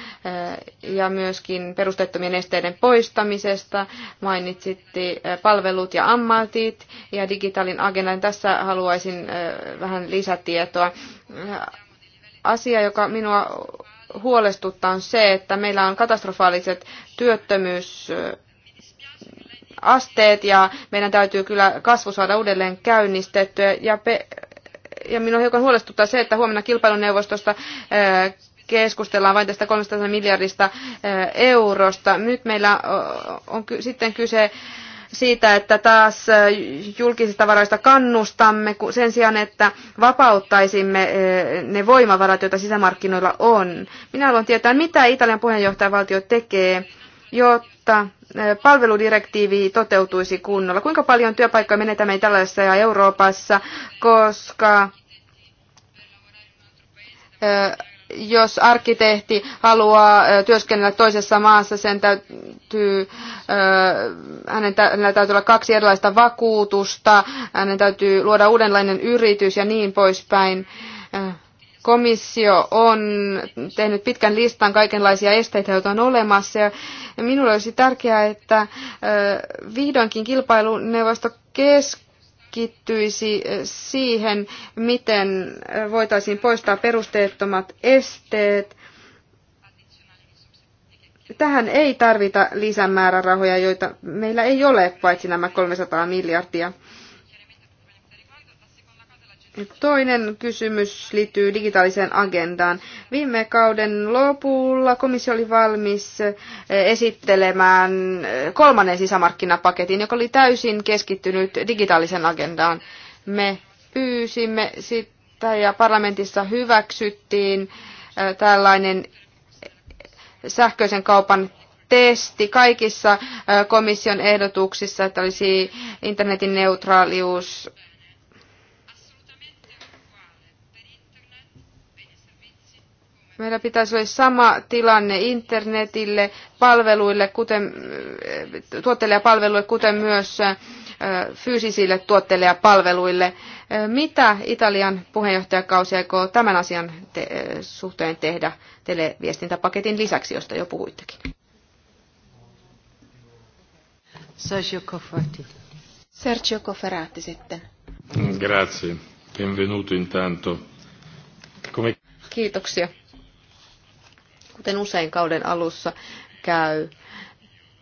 ja myöskin perusteettomien esteiden poistamisesta. Mainitsitte äh, palvelut ja ammatit ja digitaalin agendan. Tässä haluaisin vähän lisätietoa. Asia, joka minua huolestuttaa, on se, että meillä on katastrofaaliset työttömyys asteet ja meidän täytyy kyllä kasvu saada uudelleen käynnistettyä ja pe- ja minua hiukan huolestuttaa se, että huomenna kilpailuneuvostosta äh, keskustellaan vain tästä 300 miljardista äh, eurosta. Nyt meillä on sitten kyse siitä, että taas äh, julkisista varoista kannustamme sen sijaan, että vapauttaisimme ne voimavarat, joita sisämarkkinoilla on. Minä haluan tietää, mitä Italian puheenjohtajavaltio tekee, jotta jotta palveludirektiivi toteutuisi kunnolla? Kuinka paljon työpaikkoja menetämme tällaisessa ja Euroopassa, koska jos arkkitehti haluaa työskennellä toisessa maassa, sen täytyy, hänen täytyy olla kaksi erilaista vakuutusta, hänen täytyy luoda uudenlainen yritys ja niin poispäin. Äh, komissio on tehnyt pitkän listan kaikenlaisia esteitä, joita on olemassa. Ja minulle olisi tärkeää, että vihdoinkin kilpailuneuvosto keskittyisi siihen, miten voitaisiin poistaa perusteettomat esteet. Tähän ei tarvita lisämäärärahoja, joita meillä ei ole, paitsi nämä 300 miljardia. Toinen kysymys liittyy digitaaliseen agendaan. Viime kauden lopulla komissio oli valmis eh, esittelemään eh, kolmannen sisämarkkinapaketin, joka oli täysin keskittynyt digitaaliseen agendaan. Me pyysimme sitä ja parlamentissa hyväksyttiin eh, tällainen sähköisen kaupan testi kaikissa komission ehdotuksissa, että olisi internetin neutraalius Meillä pitäisi olla sama tilanne internetille, palveluille, kuten, tuotteille ja palveluille, kuten myös fyysisille tuotteille ja palveluille. Mitä Italian puheenjohtajakausi aikoo tämän asian te- suhteen tehdä televiestintäpaketin lisäksi, josta jo puhuittekin? Sergio Cofferati. Sergio Cofferati sitten. Grazie. Benvenuto intanto. Come... Kiitoksia kuten usein kauden alussa käy,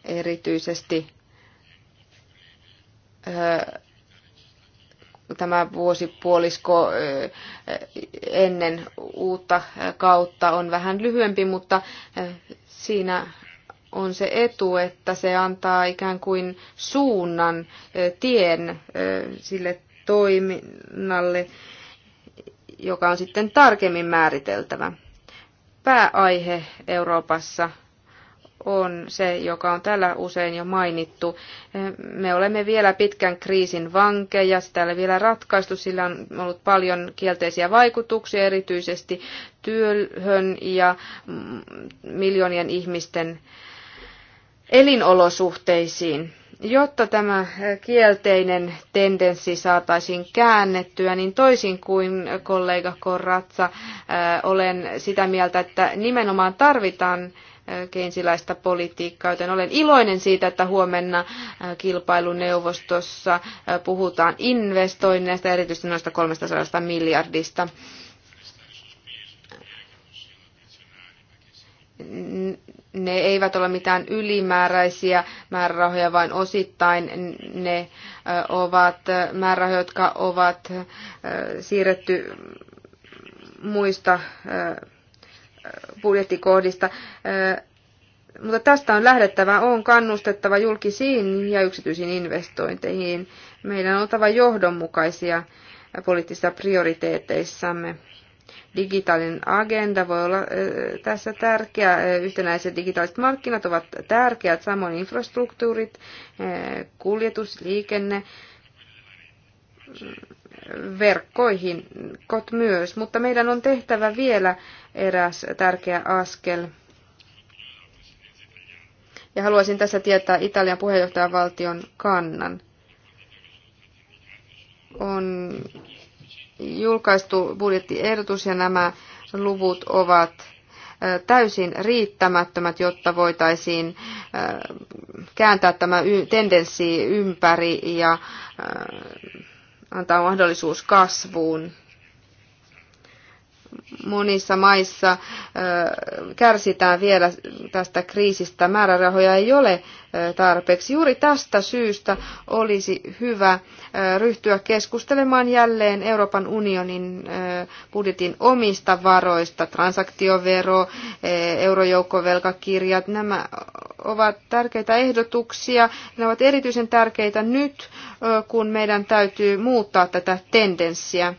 erityisesti tämä vuosipuolisko ennen uutta kautta on vähän lyhyempi, mutta siinä on se etu, että se antaa ikään kuin suunnan, tien sille toiminnalle, joka on sitten tarkemmin määriteltävä pääaihe Euroopassa on se, joka on täällä usein jo mainittu. Me olemme vielä pitkän kriisin vankeja, sitä ei ole vielä ratkaistu, sillä on ollut paljon kielteisiä vaikutuksia erityisesti työhön ja mm, miljoonien ihmisten elinolosuhteisiin. Jotta tämä eh, kielteinen tendenssi saataisiin käännettyä, niin toisin kuin kollega Korratsa, eh, olen sitä mieltä, että nimenomaan tarvitaan eh, keinsiläistä politiikkaa, joten olen iloinen siitä, että huomenna kilpailuneuvostossa puhutaan investoinneista, erityisesti noista 300 miljardista ne eivät ole mitään ylimääräisiä määrärahoja, vaan osittain ne ovat määrärahoja, jotka ovat siirretty muista budjettikohdista. Mutta tästä on lähdettävä, on kannustettava julkisiin ja yksityisiin investointeihin. Meidän on oltava johdonmukaisia poliittisissa prioriteeteissamme. Digitaalinen agenda voi olla tässä tärkeä. Yhtenäiset digitaaliset markkinat ovat tärkeät, samoin infrastruktuurit, kuljetus, liikenne, verkkoihin kot myös, mutta meidän on tehtävä vielä eräs tärkeä askel. Ja haluaisin tässä tietää Italian puheenjohtajavaltion kannan. On julkaistu budjettiehdotus ja nämä luvut ovat täysin riittämättömät, jotta voitaisiin kääntää tämä tendenssi ympäri ja antaa mahdollisuus kasvuun monissa maissa kärsitään vielä tästä kriisistä. Määrärahoja ei ole tarpeeksi. Juuri tästä syystä olisi hyvä ryhtyä keskustelemaan jälleen Euroopan unionin budjetin omista varoista. Transaktiovero, eurojoukkovelkakirjat, nämä ovat tärkeitä ehdotuksia. Ne ovat erityisen tärkeitä nyt, kun meidän täytyy muuttaa tätä tendenssiä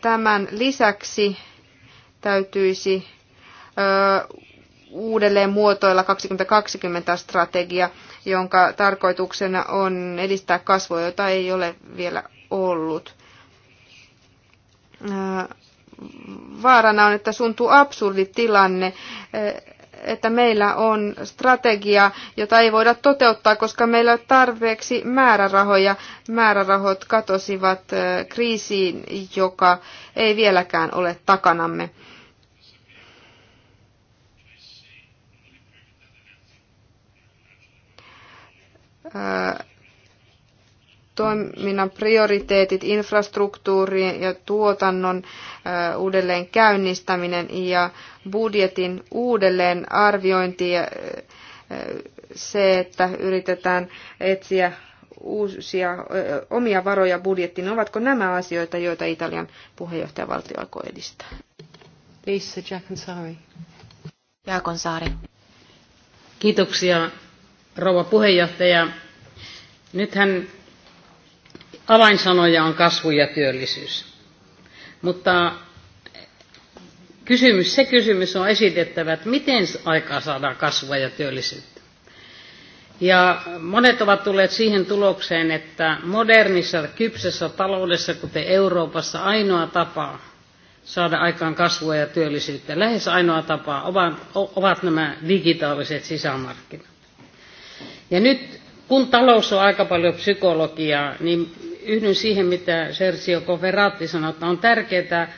Tämän lisäksi täytyisi uudelleen muotoilla 2020-strategia, jonka tarkoituksena on edistää kasvua, jota ei ole vielä ollut. Vaarana on, että suntuu absurdi tilanne, että meillä on strategia, jota ei voida toteuttaa, koska meillä on tarpeeksi määrärahoja. Määrärahot katosivat kriisiin, joka ei vieläkään ole takanamme toiminnan prioriteetit, infrastruktuuri ja tuotannon uudelleen käynnistäminen ja budjetin uudelleen arviointi ja se, että yritetään etsiä uusia omia varoja budjettiin. Ovatko nämä asioita, joita Italian puheenjohtajavaltio alkoi edistää? Lisa Jaakonsaari. Jaakonsaari. Kiitoksia, rouva puheenjohtaja. Nythän avainsanoja on kasvu ja työllisyys. Mutta kysymys, se kysymys on esitettävä, että miten aikaa saadaan kasvua ja työllisyyttä. Ja monet ovat tulleet siihen tulokseen, että modernissa kypsessä taloudessa, kuten Euroopassa, ainoa tapa saada aikaan kasvua ja työllisyyttä, lähes ainoa tapa, ovat, ovat nämä digitaaliset sisämarkkinat. Ja nyt kun talous on aika paljon psykologiaa, niin yhdyn siihen, mitä Sergio Cofferati sanoi, että on tärkeää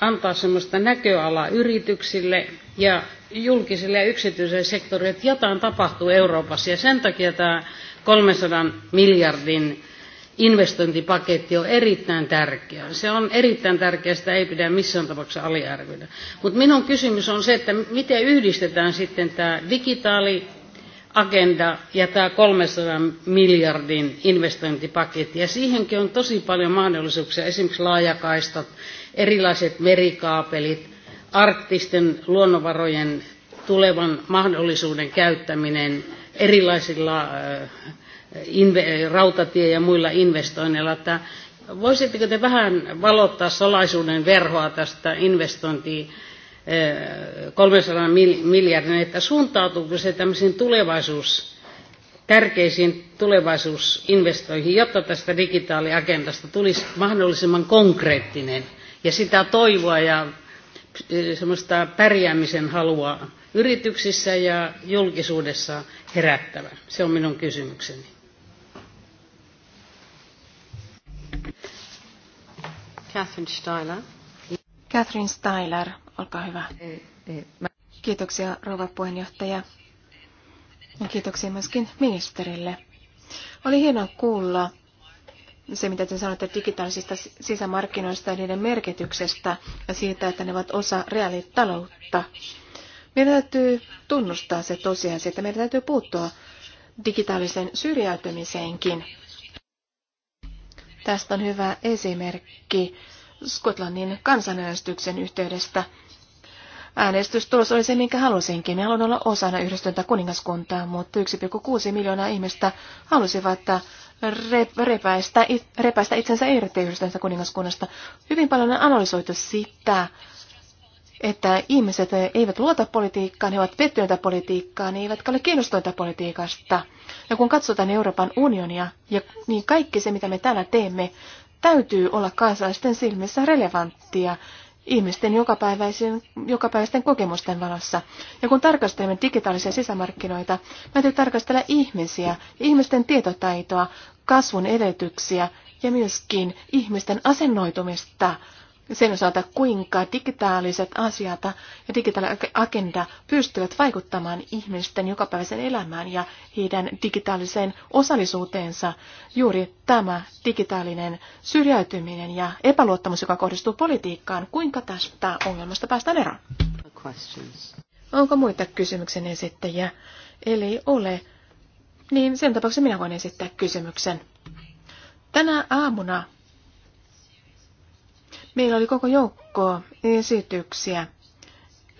antaa sellaista näköalaa yrityksille ja julkiselle ja yksityiselle sektorille, että jotain tapahtuu Euroopassa. Ja sen takia tämä 300 miljardin investointipaketti on erittäin tärkeä. Se on erittäin tärkeä, sitä ei pidä missään tapauksessa aliarvioida. Mutta minun kysymys on se, että miten yhdistetään sitten tämä digitaali agenda ja tämä 300 miljardin investointipaketti. Ja siihenkin on tosi paljon mahdollisuuksia, esimerkiksi laajakaistat, erilaiset merikaapelit, arktisten luonnonvarojen tulevan mahdollisuuden käyttäminen erilaisilla äh, rautatie- ja muilla investoinneilla. voisitteko te vähän valottaa salaisuuden verhoa tästä investointiin? 300 miljardin, että suuntautuuko se tämmöisiin tulevaisuus, tärkeisiin tulevaisuusinvestoihin, jotta tästä digitaaliagendasta tulisi mahdollisimman konkreettinen ja sitä toivoa ja e, semmoista pärjäämisen halua yrityksissä ja julkisuudessa herättävä. Se on minun kysymykseni. Catherine Steiler. Catherine Steiler olkaa hyvä. Eh, eh, kiitoksia rouva puheenjohtaja. Ja kiitoksia myöskin ministerille. Oli hienoa kuulla se, mitä te sanoitte digitaalisista sisämarkkinoista ja niiden merkityksestä ja siitä, että ne ovat osa reaalitaloutta. Meidän täytyy tunnustaa se tosiasia, että meidän täytyy puuttua digitaalisen syrjäytymiseenkin. Tästä on hyvä esimerkki Skotlannin kansanäänestyksen yhteydestä Äänestystulos oli se, minkä halusinkin. Minä haluan olla osana yhdistöntä kuningaskuntaa, mutta 1,6 miljoonaa ihmistä halusivat repäistä, repäistä itsensä irti yhdistöntä kuningaskunnasta. Hyvin paljon on analysoitu sitä, että ihmiset eivät luota politiikkaan, he ovat pettyneitä politiikkaan, eivätkä ole kiinnostuneita politiikasta. Ja kun katsotaan Euroopan unionia, ja, niin kaikki se, mitä me täällä teemme, täytyy olla kansalaisten silmissä relevanttia ihmisten jokapäiväisen, jokapäiväisten kokemusten valossa. Ja kun tarkastelemme digitaalisia sisämarkkinoita, täytyy tarkastella ihmisiä, ihmisten tietotaitoa, kasvun edellytyksiä ja myöskin ihmisten asennoitumista sen osalta, kuinka digitaaliset asiat ja digitaalinen agenda pystyvät vaikuttamaan ihmisten jokapäiväiseen elämään ja heidän digitaaliseen osallisuuteensa. Juuri tämä digitaalinen syrjäytyminen ja epäluottamus, joka kohdistuu politiikkaan, kuinka tästä ongelmasta päästään eroon? Onko muita kysymyksen esittäjiä? Eli ole, niin sen tapauksessa minä voin esittää kysymyksen. Tänä aamuna Meillä oli koko joukko esityksiä,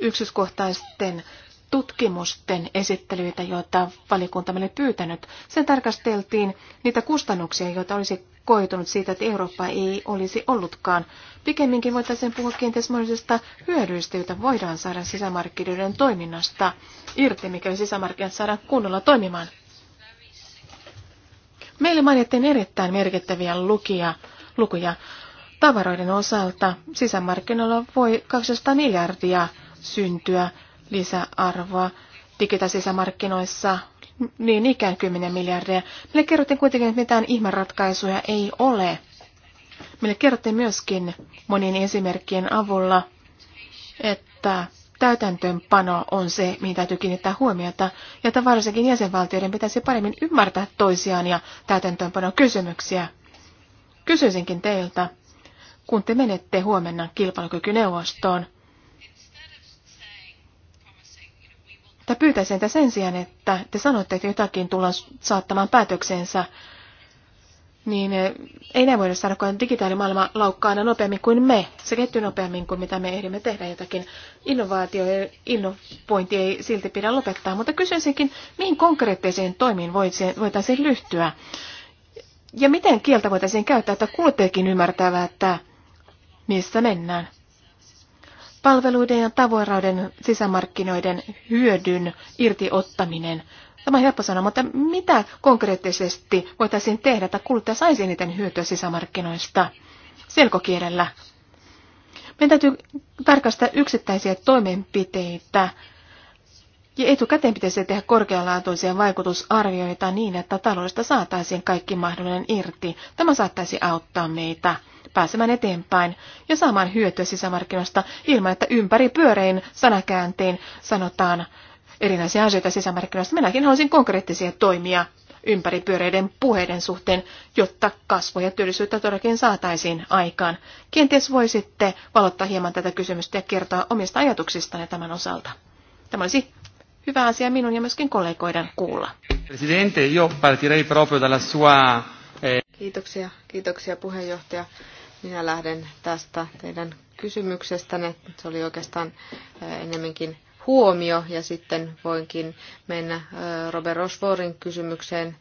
yksityiskohtaisten tutkimusten esittelyitä, joita valiokunta meille pyytänyt. Sen tarkasteltiin niitä kustannuksia, joita olisi koitunut siitä, että Eurooppa ei olisi ollutkaan. Pikemminkin voitaisiin puhua kenties mahdollisista hyödyistä, joita voidaan saada sisämarkkinoiden toiminnasta irti, mikäli sisämarkkinat saadaan kunnolla toimimaan. Meille mainittiin erittäin merkittäviä lukia, lukuja tavaroiden osalta sisämarkkinoilla voi 200 miljardia syntyä lisäarvoa sisämarkkinoissa niin ikään 10 miljardia. Meille kerrottiin kuitenkin, että mitään ihmeratkaisuja ei ole. Meille kerrottiin myöskin monien esimerkkien avulla, että täytäntöönpano on se, mihin täytyy kiinnittää huomiota, ja että varsinkin jäsenvaltioiden pitäisi paremmin ymmärtää toisiaan ja täytäntöönpano kysymyksiä. Kysyisinkin teiltä, kun te menette huomenna kilpailukykyneuvostoon. Mutta pyytäisin teitä sen sijaan, että te sanotte, että jotakin tullaan saattamaan päätöksensä, niin eh, ei näin voida saada, kun digitaalimaailma laukkaa aina nopeammin kuin me. Se kehittyy nopeammin kuin mitä me ehdimme tehdä jotakin. Innovaatio ja innovointi ei silti pidä lopettaa, mutta kysyisinkin, mihin konkreettisiin toimiin voitaisiin ryhtyä? Ja miten kieltä voitaisiin käyttää, että kuluttajakin ymmärtävät, että missä mennään. Palveluiden ja tavoirauden sisämarkkinoiden hyödyn irtiottaminen. Tämä on helppo sanoa, mutta mitä konkreettisesti voitaisiin tehdä, että kuluttaja saisi eniten hyötyä sisämarkkinoista selkokielellä? Meidän täytyy tarkastaa yksittäisiä toimenpiteitä ja etukäteen pitäisi tehdä korkealaatuisia vaikutusarvioita niin, että taloudesta saataisiin kaikki mahdollinen irti. Tämä saattaisi auttaa meitä pääsemään eteenpäin ja saamaan hyötyä sisämarkkinoista ilman, että ympäri pyörein sanakääntein sanotaan erinäisiä asioita sisämarkkinoista. Minäkin haluaisin konkreettisia toimia ympäripyöreiden puheiden suhteen, jotta kasvua ja työllisyyttä todellakin saataisiin aikaan. Kenties voisitte valottaa hieman tätä kysymystä ja kertoa omista ajatuksistanne tämän osalta. Tämä olisi hyvä asia minun ja myöskin kollegoiden kuulla. Presidente, io partirei proprio dalla sua... Eh, kiitoksia, kiitoksia puheenjohtaja. Minä lähden tästä teidän kysymyksestänne. Se oli oikeastaan enemmänkin huomio ja sitten voinkin mennä Robert Rosvorin kysymykseen.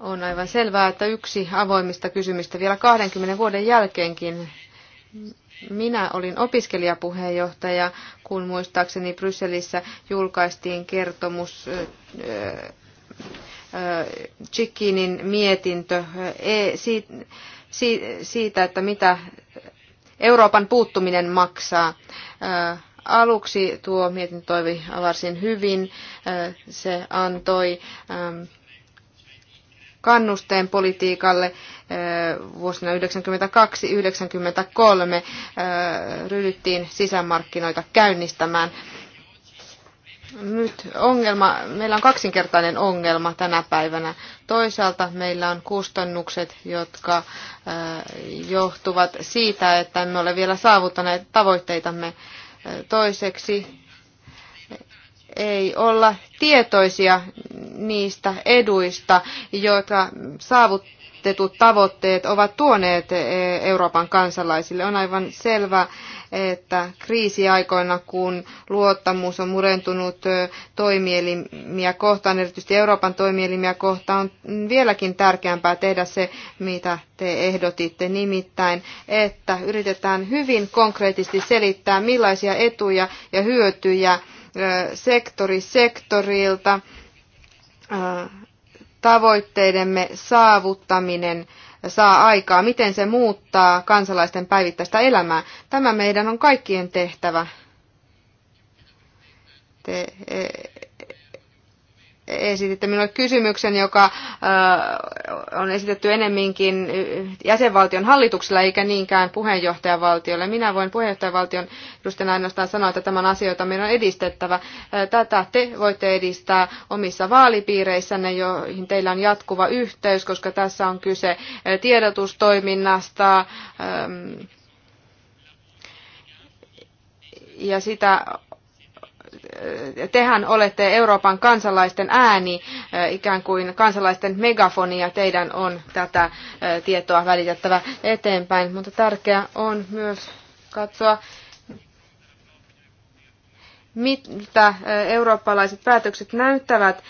On aivan selvää, että yksi avoimista kysymistä vielä 20 vuoden jälkeenkin. Minä olin opiskelijapuheenjohtaja, kun muistaakseni Brysselissä julkaistiin kertomus Chikinin mietintö e, siitä, että mitä Euroopan puuttuminen maksaa. Aluksi tuo mietintö toivi varsin hyvin. Se antoi kannusteen politiikalle vuosina 1992-1993 ryhdyttiin sisämarkkinoita käynnistämään nyt ongelma, meillä on kaksinkertainen ongelma tänä päivänä. Toisaalta meillä on kustannukset, jotka äh, johtuvat siitä, että emme ole vielä saavuttaneet tavoitteitamme. Äh, toiseksi ei olla tietoisia niistä eduista, joita saavut, asetetut tavoitteet ovat tuoneet e, Euroopan kansalaisille. On aivan selvä, että kriisiaikoina, kun luottamus on murentunut toimielimiä kohtaan, erityisesti Euroopan toimielimiä kohtaan, on vieläkin tärkeämpää tehdä se, mitä te ehdotitte, nimittäin, että yritetään hyvin konkreettisesti selittää, millaisia etuja ja hyötyjä sektori sektorilta tavoitteidemme saavuttaminen saa aikaa, miten se muuttaa kansalaisten päivittäistä elämää. Tämä meidän on kaikkien tehtävä. Te esititte minulle kysymyksen, joka on esitetty enemminkin jäsenvaltion hallituksella eikä niinkään puheenjohtajavaltiolle. Minä voin puheenjohtajavaltion edustajana ainoastaan sanoa, että tämän asioita meidän on edistettävä. Tätä te voitte edistää omissa vaalipiireissänne, joihin teillä on jatkuva yhteys, koska tässä on kyse tiedotustoiminnasta, ja sitä tehän olette Euroopan kansalaisten ääni, eh, ikään kuin kansalaisten megafoni, ja teidän on tätä eh, tietoa välitettävä eteenpäin. Mutta tärkeää on myös katsoa, mitä eh, eurooppalaiset päätökset näyttävät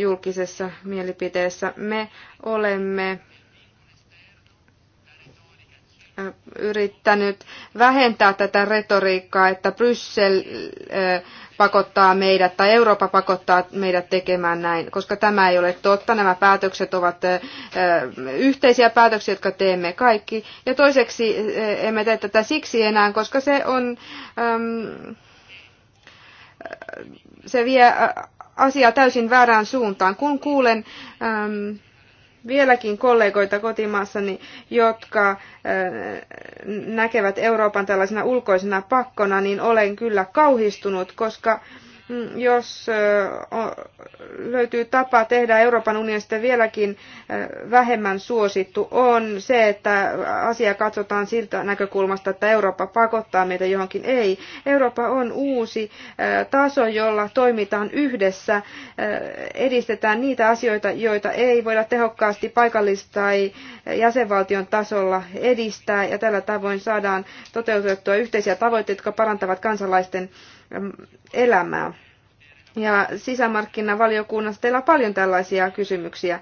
julkisessa mielipiteessä. Me olemme yrittänyt vähentää tätä retoriikkaa, että Bryssel pakottaa meidät tai Eurooppa pakottaa meidät tekemään näin, koska tämä ei ole totta. Nämä päätökset ovat yhteisiä päätöksiä, jotka teemme kaikki. Ja toiseksi emme tee tätä siksi enää, koska se on... Se vie asiaa täysin väärään suuntaan. Kun kuulen vieläkin kollegoita kotimaassani, jotka näkevät Euroopan tällaisena ulkoisena pakkona, niin olen kyllä kauhistunut, koska Mm, jos löytyy tapa tehdä Euroopan unionista vieläkin vähemmän suosittu, on se, että asia katsotaan siltä näkökulmasta, että Eurooppa pakottaa meitä johonkin. Ei. Eurooppa on uusi taso, jolla toimitaan yhdessä, edistetään niitä asioita, joita ei voida tehokkaasti paikallis- tai jäsenvaltion tasolla edistää, ja tällä tavoin saadaan toteutettua yhteisiä tavoitteita, jotka parantavat kansalaisten elämää. Ja sisämarkkinavaliokunnassa teillä on paljon tällaisia kysymyksiä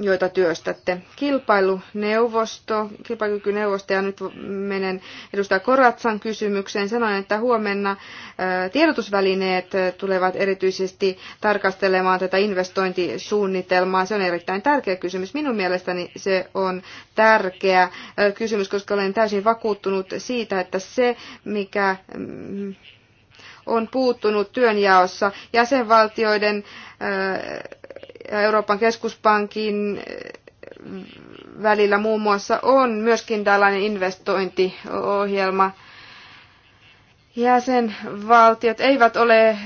joita työstätte. Kilpailuneuvosto, kilpailukykyneuvosto, ja nyt menen edustaja Koratsan kysymykseen. Sanoin, että huomenna tiedotusvälineet tulevat erityisesti tarkastelemaan tätä investointisuunnitelmaa. Se on erittäin tärkeä kysymys. Minun mielestäni se on tärkeä kysymys, koska olen täysin vakuuttunut siitä, että se, mikä mm, on puuttunut työnjaossa jäsenvaltioiden Euroopan keskuspankin välillä muun muassa on myöskin tällainen investointiohjelma. Jäsenvaltiot eivät ole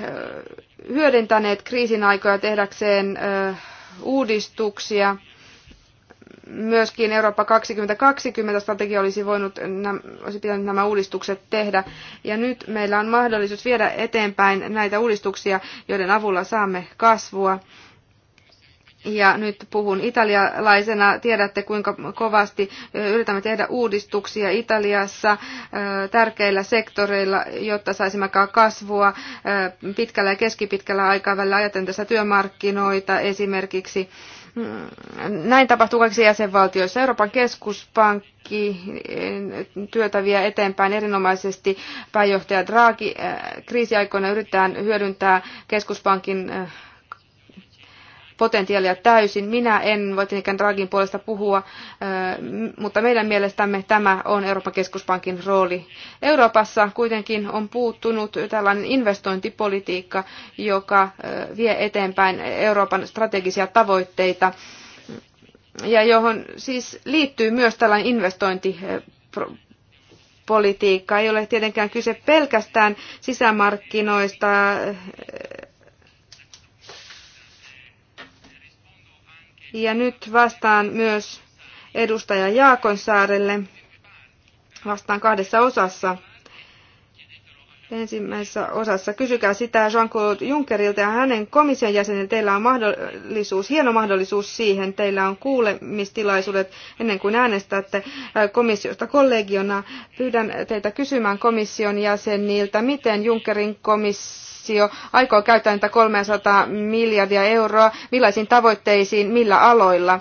hyödyntäneet kriisin aikoja tehdäkseen uudistuksia. Myöskin Eurooppa 2020 strategia olisi, voinut, olisi pitänyt nämä uudistukset tehdä. Ja nyt meillä on mahdollisuus viedä eteenpäin näitä uudistuksia, joiden avulla saamme kasvua ja nyt puhun italialaisena. Tiedätte, kuinka kovasti yritämme tehdä uudistuksia Italiassa tärkeillä sektoreilla, jotta saisimme kasvua pitkällä ja keskipitkällä aikavälillä. Ajatellen tässä työmarkkinoita esimerkiksi. Mm, näin tapahtuu kaikissa jäsenvaltioissa. Euroopan keskuspankki työtä vie eteenpäin erinomaisesti. Pääjohtaja Draghi kriisiaikoina yritetään hyödyntää keskuspankin potentiaalia täysin. Minä en voi tietenkään Dragin puolesta puhua, eh, mutta meidän mielestämme tämä on Euroopan keskuspankin rooli. Euroopassa kuitenkin on puuttunut tällainen investointipolitiikka, joka eh, vie eteenpäin Euroopan strategisia tavoitteita ja johon siis liittyy myös tällainen investointi politiikka. Ei ole tietenkään kyse pelkästään sisämarkkinoista eh, Ja nyt vastaan myös edustaja Jaakonsaarelle. Vastaan kahdessa osassa ensimmäisessä osassa. Kysykää sitä Jean-Claude Junckerilta ja hänen komission jäsenen Teillä on mahdollisuus, hieno mahdollisuus siihen. Teillä on kuulemistilaisuudet ennen kuin äänestätte komissiosta kollegiona. Pyydän teitä kysymään komission jäseniltä, miten Junckerin komissio aikoo käyttää niitä 300 miljardia euroa, millaisiin tavoitteisiin, millä aloilla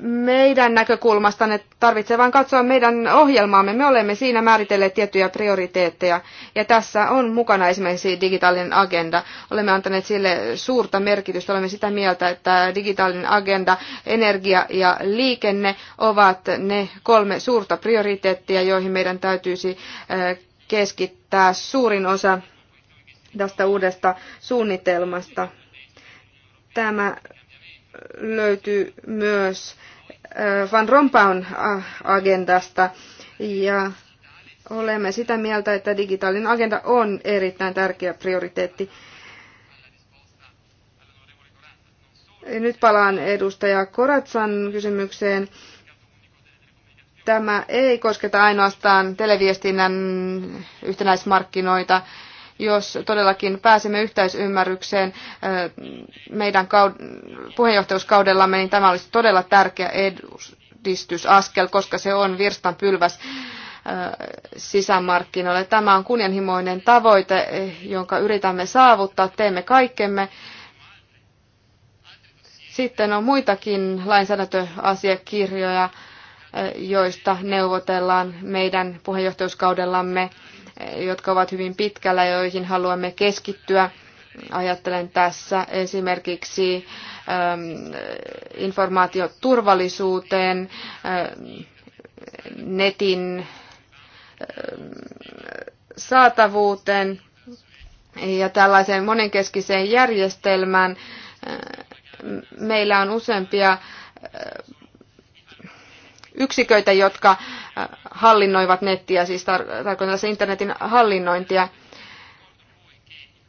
meidän näkökulmasta ne tarvitsee vain katsoa meidän ohjelmaamme. Me olemme siinä määritelleet tiettyjä prioriteetteja ja tässä on mukana esimerkiksi digitaalinen agenda. Olemme antaneet sille suurta merkitystä. Olemme sitä mieltä, että digitaalinen agenda, energia ja liikenne ovat ne kolme suurta prioriteettia, joihin meidän täytyisi äh, keskittää suurin osa tästä uudesta suunnitelmasta. Tämä löytyy myös äh, Van Rompuyn äh, agendasta ja olemme sitä mieltä, että digitaalinen agenda on erittäin tärkeä prioriteetti. Nyt palaan edustaja Koratsan kysymykseen. Tämä ei kosketa ainoastaan televiestinnän yhtenäismarkkinoita jos todellakin pääsemme yhteisymmärrykseen meidän puheenjohtajuuskaudellamme, niin tämä olisi todella tärkeä edistysaskel, koska se on virstan pylväs sisämarkkinoille. Tämä on kunnianhimoinen tavoite, jonka yritämme saavuttaa. Teemme kaikkemme. Sitten on muitakin lainsäädäntöasiakirjoja, joista neuvotellaan meidän puheenjohtajuuskaudellamme jotka ovat hyvin pitkällä, joihin haluamme keskittyä. Ajattelen tässä esimerkiksi ähm, informaatioturvallisuuteen, äh, netin äh, saatavuuteen ja tällaiseen monenkeskiseen järjestelmään. Äh, meillä on useampia yksiköitä, jotka äh, hallinnoivat nettiä, siis tar- tarkoitan tässä internetin hallinnointia.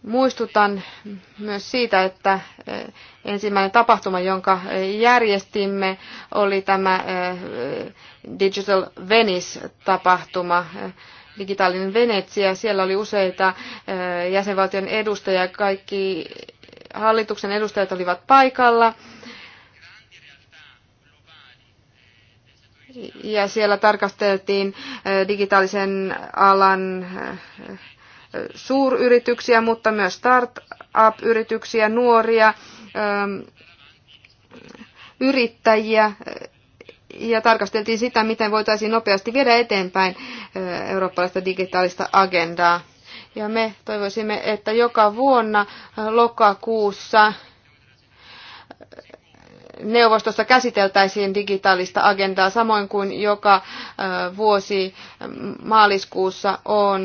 Muistutan myös siitä, että äh, ensimmäinen tapahtuma, jonka äh, järjestimme, oli tämä Digital Venice-tapahtuma, digitaalinen Venetsia. Siellä oli useita jäsenvaltion edustajia, kaikki hallituksen edustajat olivat paikalla ja siellä tarkasteltiin digitaalisen alan suuryrityksiä, mutta myös up yrityksiä nuoria yrittäjiä ja tarkasteltiin sitä, miten voitaisiin nopeasti viedä eteenpäin eurooppalaista digitaalista agendaa. Ja me toivoisimme, että joka vuonna lokakuussa neuvostossa käsiteltäisiin digitaalista agendaa, samoin kuin joka vuosi maaliskuussa on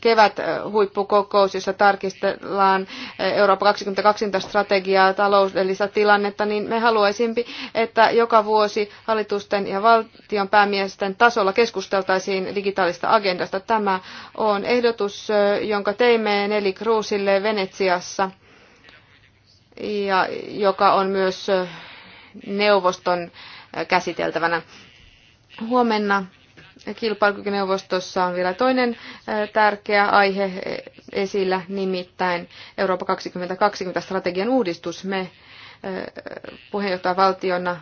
kevät huippukokous, jossa tarkistellaan Eurooppa 2020 strategiaa taloudellista tilannetta, niin me haluaisimme, että joka vuosi hallitusten ja valtion päämiesten tasolla keskusteltaisiin digitaalista agendasta. Tämä on ehdotus, jonka teimme Neli Kruusille Venetsiassa ja joka on myös neuvoston äh, käsiteltävänä. Huomenna kilpailukykyneuvostossa on vielä toinen äh, tärkeä aihe äh, esillä, nimittäin Eurooppa 2020 strategian uudistus. Me puheenjohtajavaltiona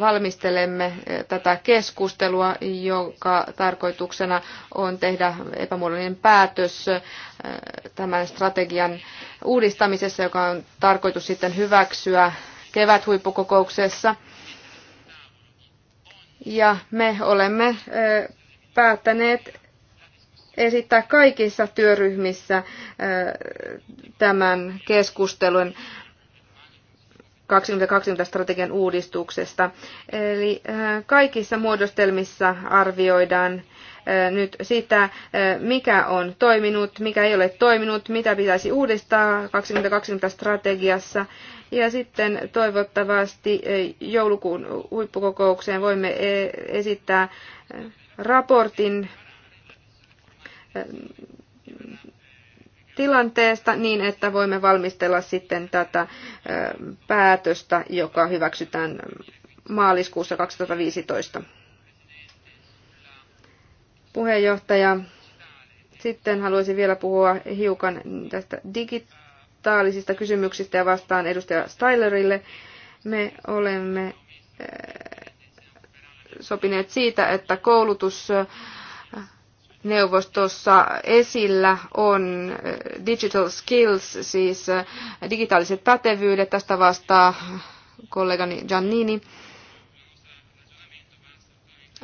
valmistelemme eh, tätä keskustelua, jonka tarkoituksena on tehdä epämuodollinen päätös eh, tämän strategian uudistamisessa, joka on tarkoitus sitten hyväksyä keväthuippukokouksessa. Ja me olemme eh, päättäneet esittää kaikissa työryhmissä tämän keskustelun 2020-strategian uudistuksesta. Eli äh, kaikissa muodostelmissa arvioidaan äh, nyt sitä, äh, mikä on toiminut, mikä ei ole toiminut, mitä pitäisi uudistaa 2020-strategiassa. Ja sitten toivottavasti joulukuun huippukokoukseen voimme esittää raportin tilanteesta niin, että voimme valmistella sitten tätä päätöstä, joka hyväksytään maaliskuussa 2015. Puheenjohtaja, sitten haluaisin vielä puhua hiukan tästä digitaalisista kysymyksistä ja vastaan edustaja Stylerille. Me olemme sopineet siitä, että koulutus neuvostossa esillä on eh, Digital Skills, siis eh, digitaaliset pätevyydet. Tästä vastaa kollegani Giannini.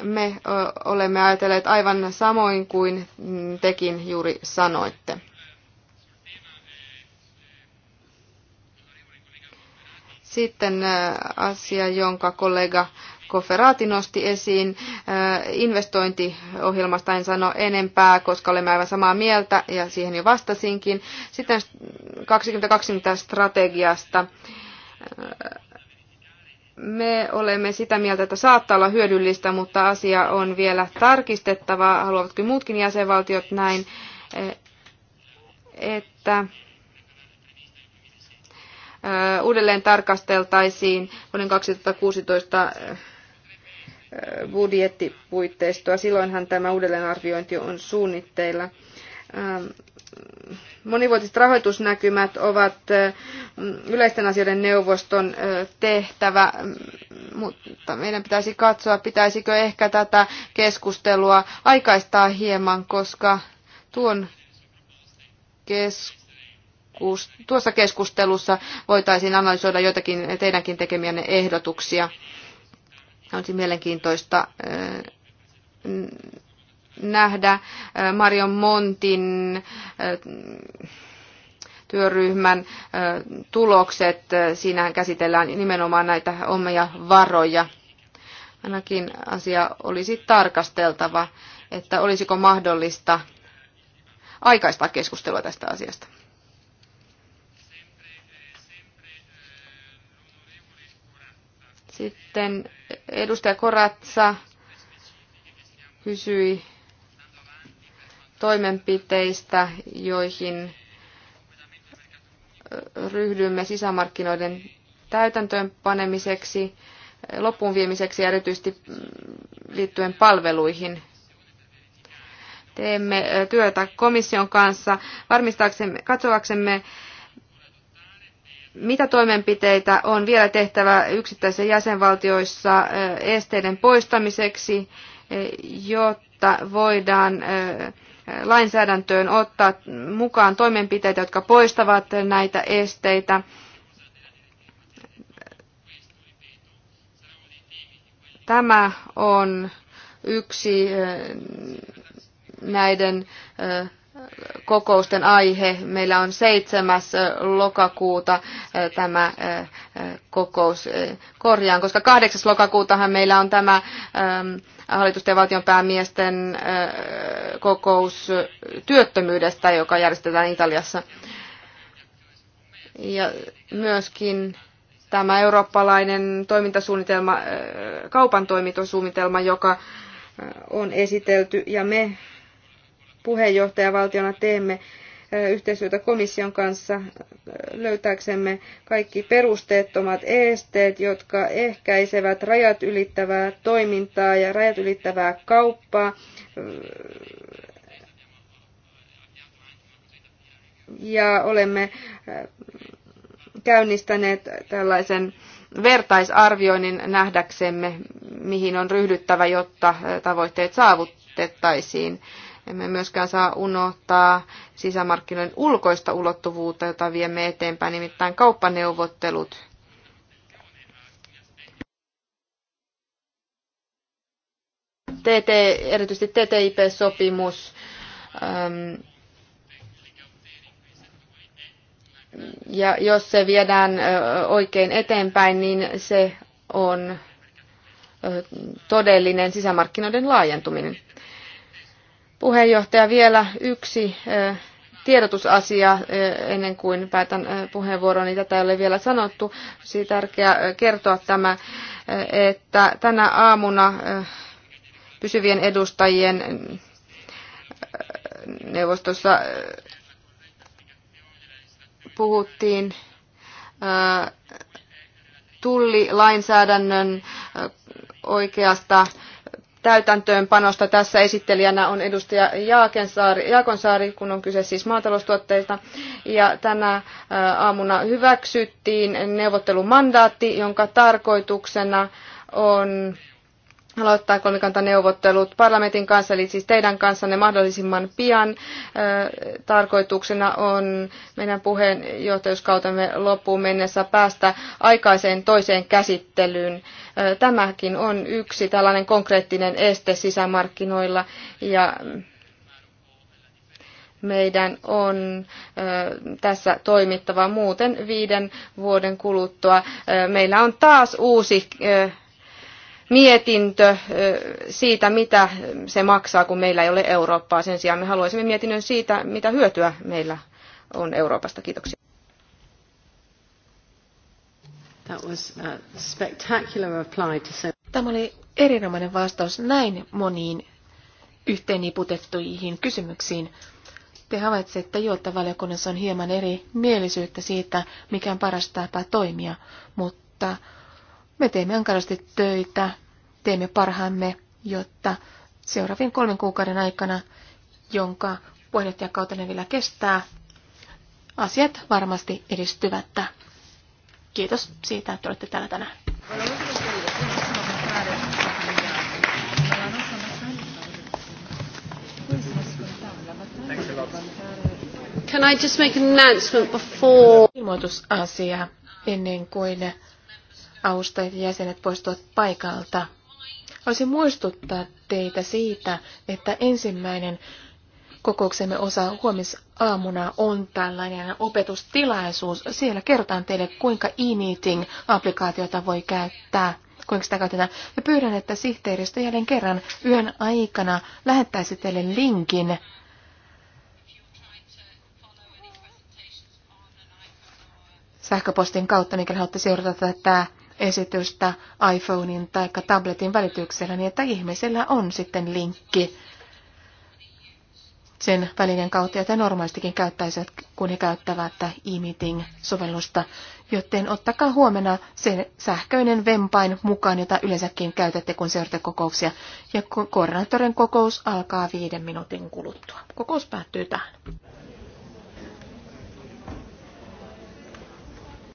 Me olemme ajatelleet aivan samoin kuin tekin juuri sanoitte. Sitten eh, asia, jonka kollega Koferaati nosti esiin. Investointiohjelmasta en sano enempää, koska olemme aivan samaa mieltä ja siihen jo vastasinkin. Sitten 2020 strategiasta me olemme sitä mieltä, että saattaa olla hyödyllistä, mutta asia on vielä tarkistettava, haluavatko muutkin jäsenvaltiot näin, että uudelleen tarkasteltaisiin vuoden 2016 budjettipuitteistoa. Silloinhan tämä uudelleenarviointi on suunnitteilla. Ähm, monivuotiset rahoitusnäkymät ovat äh, yleisten asioiden neuvoston äh, tehtävä, mm, mutta meidän pitäisi katsoa, pitäisikö ehkä tätä keskustelua aikaistaa hieman, koska tuon keskus, tuossa keskustelussa voitaisiin analysoida joitakin teidänkin tekemiänne ehdotuksia. Olisi mielenkiintoista äh, nähdä äh, Marion Montin äh, työryhmän tulokset. Siinähän käsitellään nimenomaan näitä omia varoja. Ainakin asia olisi tarkasteltava, että olisiko mahdollista aikaistaa keskustelua tästä asiasta. Sitten Edustaja Koratsa kysyi toimenpiteistä, joihin ryhdymme sisämarkkinoiden täytäntöön panemiseksi, loppuun viemiseksi ja erityisesti mm, liittyen palveluihin. Teemme työtä komission kanssa varmistaaksemme, katsoaksemme mitä toimenpiteitä on vielä tehtävä yksittäisissä jäsenvaltioissa esteiden poistamiseksi, jotta voidaan lainsäädäntöön ottaa mukaan toimenpiteitä, jotka poistavat näitä esteitä? Tämä on yksi näiden kokousten aihe. Meillä on 7. lokakuuta tämä kokous korjaan, koska 8. lokakuutahan meillä on tämä hallitusten ja valtionpäämiesten kokous työttömyydestä, joka järjestetään Italiassa. Ja myöskin tämä eurooppalainen toimintasuunnitelma, kaupan toimintasuunnitelma, joka on esitelty, ja me puheenjohtajavaltiona teemme yhteistyötä komission kanssa löytääksemme kaikki perusteettomat esteet, jotka ehkäisevät rajat ylittävää toimintaa ja rajat ylittävää kauppaa. Ja olemme käynnistäneet tällaisen vertaisarvioinnin nähdäksemme, mihin on ryhdyttävä, jotta tavoitteet saavutettaisiin emme myöskään saa unohtaa sisämarkkinoiden ulkoista ulottuvuutta, jota viemme eteenpäin, nimittäin kauppaneuvottelut. TT, erityisesti TTIP-sopimus ähm, ja jos se viedään oikein eteenpäin, niin se on todellinen sisämarkkinoiden laajentuminen. Puheenjohtaja, vielä yksi tiedotusasia ennen kuin päätän puheenvuoroni. Niin tätä ei ole vielä sanottu. Siitä tärkeää kertoa tämä, että tänä aamuna pysyvien edustajien neuvostossa puhuttiin tullilainsäädännön oikeasta täytäntöönpanosta. Tässä esittelijänä on edustaja Jaakonsaari, Jaakonsaari, kun on kyse siis maataloustuotteista. Ja tänä aamuna hyväksyttiin neuvottelumandaatti, jonka tarkoituksena on aloittaa kolmikantaneuvottelut parlamentin kanssa, eli siis teidän kanssanne mahdollisimman pian. Tarkoituksena on meidän puheenjohtajuuskautemme loppuun mennessä päästä aikaiseen toiseen käsittelyyn. Tämäkin on yksi tällainen konkreettinen este sisämarkkinoilla ja meidän on tässä toimittava muuten viiden vuoden kuluttua. Meillä on taas uusi mietintö siitä, mitä se maksaa, kun meillä ei ole Eurooppaa. Sen sijaan me haluaisimme mietinnön siitä, mitä hyötyä meillä on Euroopasta. Kiitoksia. Tämä oli erinomainen vastaus näin moniin yhteeniputettuihin kysymyksiin. Te havaitsette jo, että valiokunnassa on hieman eri mielisyyttä siitä, mikä on paras tapa toimia, mutta me teemme ankarasti töitä, teemme parhaamme, jotta seuraavien kolmen kuukauden aikana, jonka puheenjohtajakautena vielä kestää, asiat varmasti edistyvät. Kiitos siitä, että olette täällä tänään. Can I just make an announcement before... Ilmoitusasia ennen kuin avustajat ja jäsenet poistuvat paikalta. Haluaisin muistuttaa teitä siitä, että ensimmäinen kokouksemme osa huomisaamuna on tällainen opetustilaisuus. Siellä kerrotaan teille, kuinka e-meeting-applikaatiota voi käyttää, kuinka sitä käytetään. Ja pyydän, että sihteeristö jälleen kerran yön aikana lähettäisi teille linkin sähköpostin kautta, mikäli haluatte seurata tätä esitystä iPhonein tai tabletin välityksellä, niin että ihmisellä on sitten linkki sen välinen kautta, jota normaalistikin käyttäisivät, kun he käyttävät e-meeting-sovellusta. Joten ottakaa huomenna se sähköinen vempain mukaan, jota yleensäkin käytätte, kun seuraatte kokouksia. Ja koordinaattorin kokous alkaa viiden minuutin kuluttua. Kokous päättyy tähän.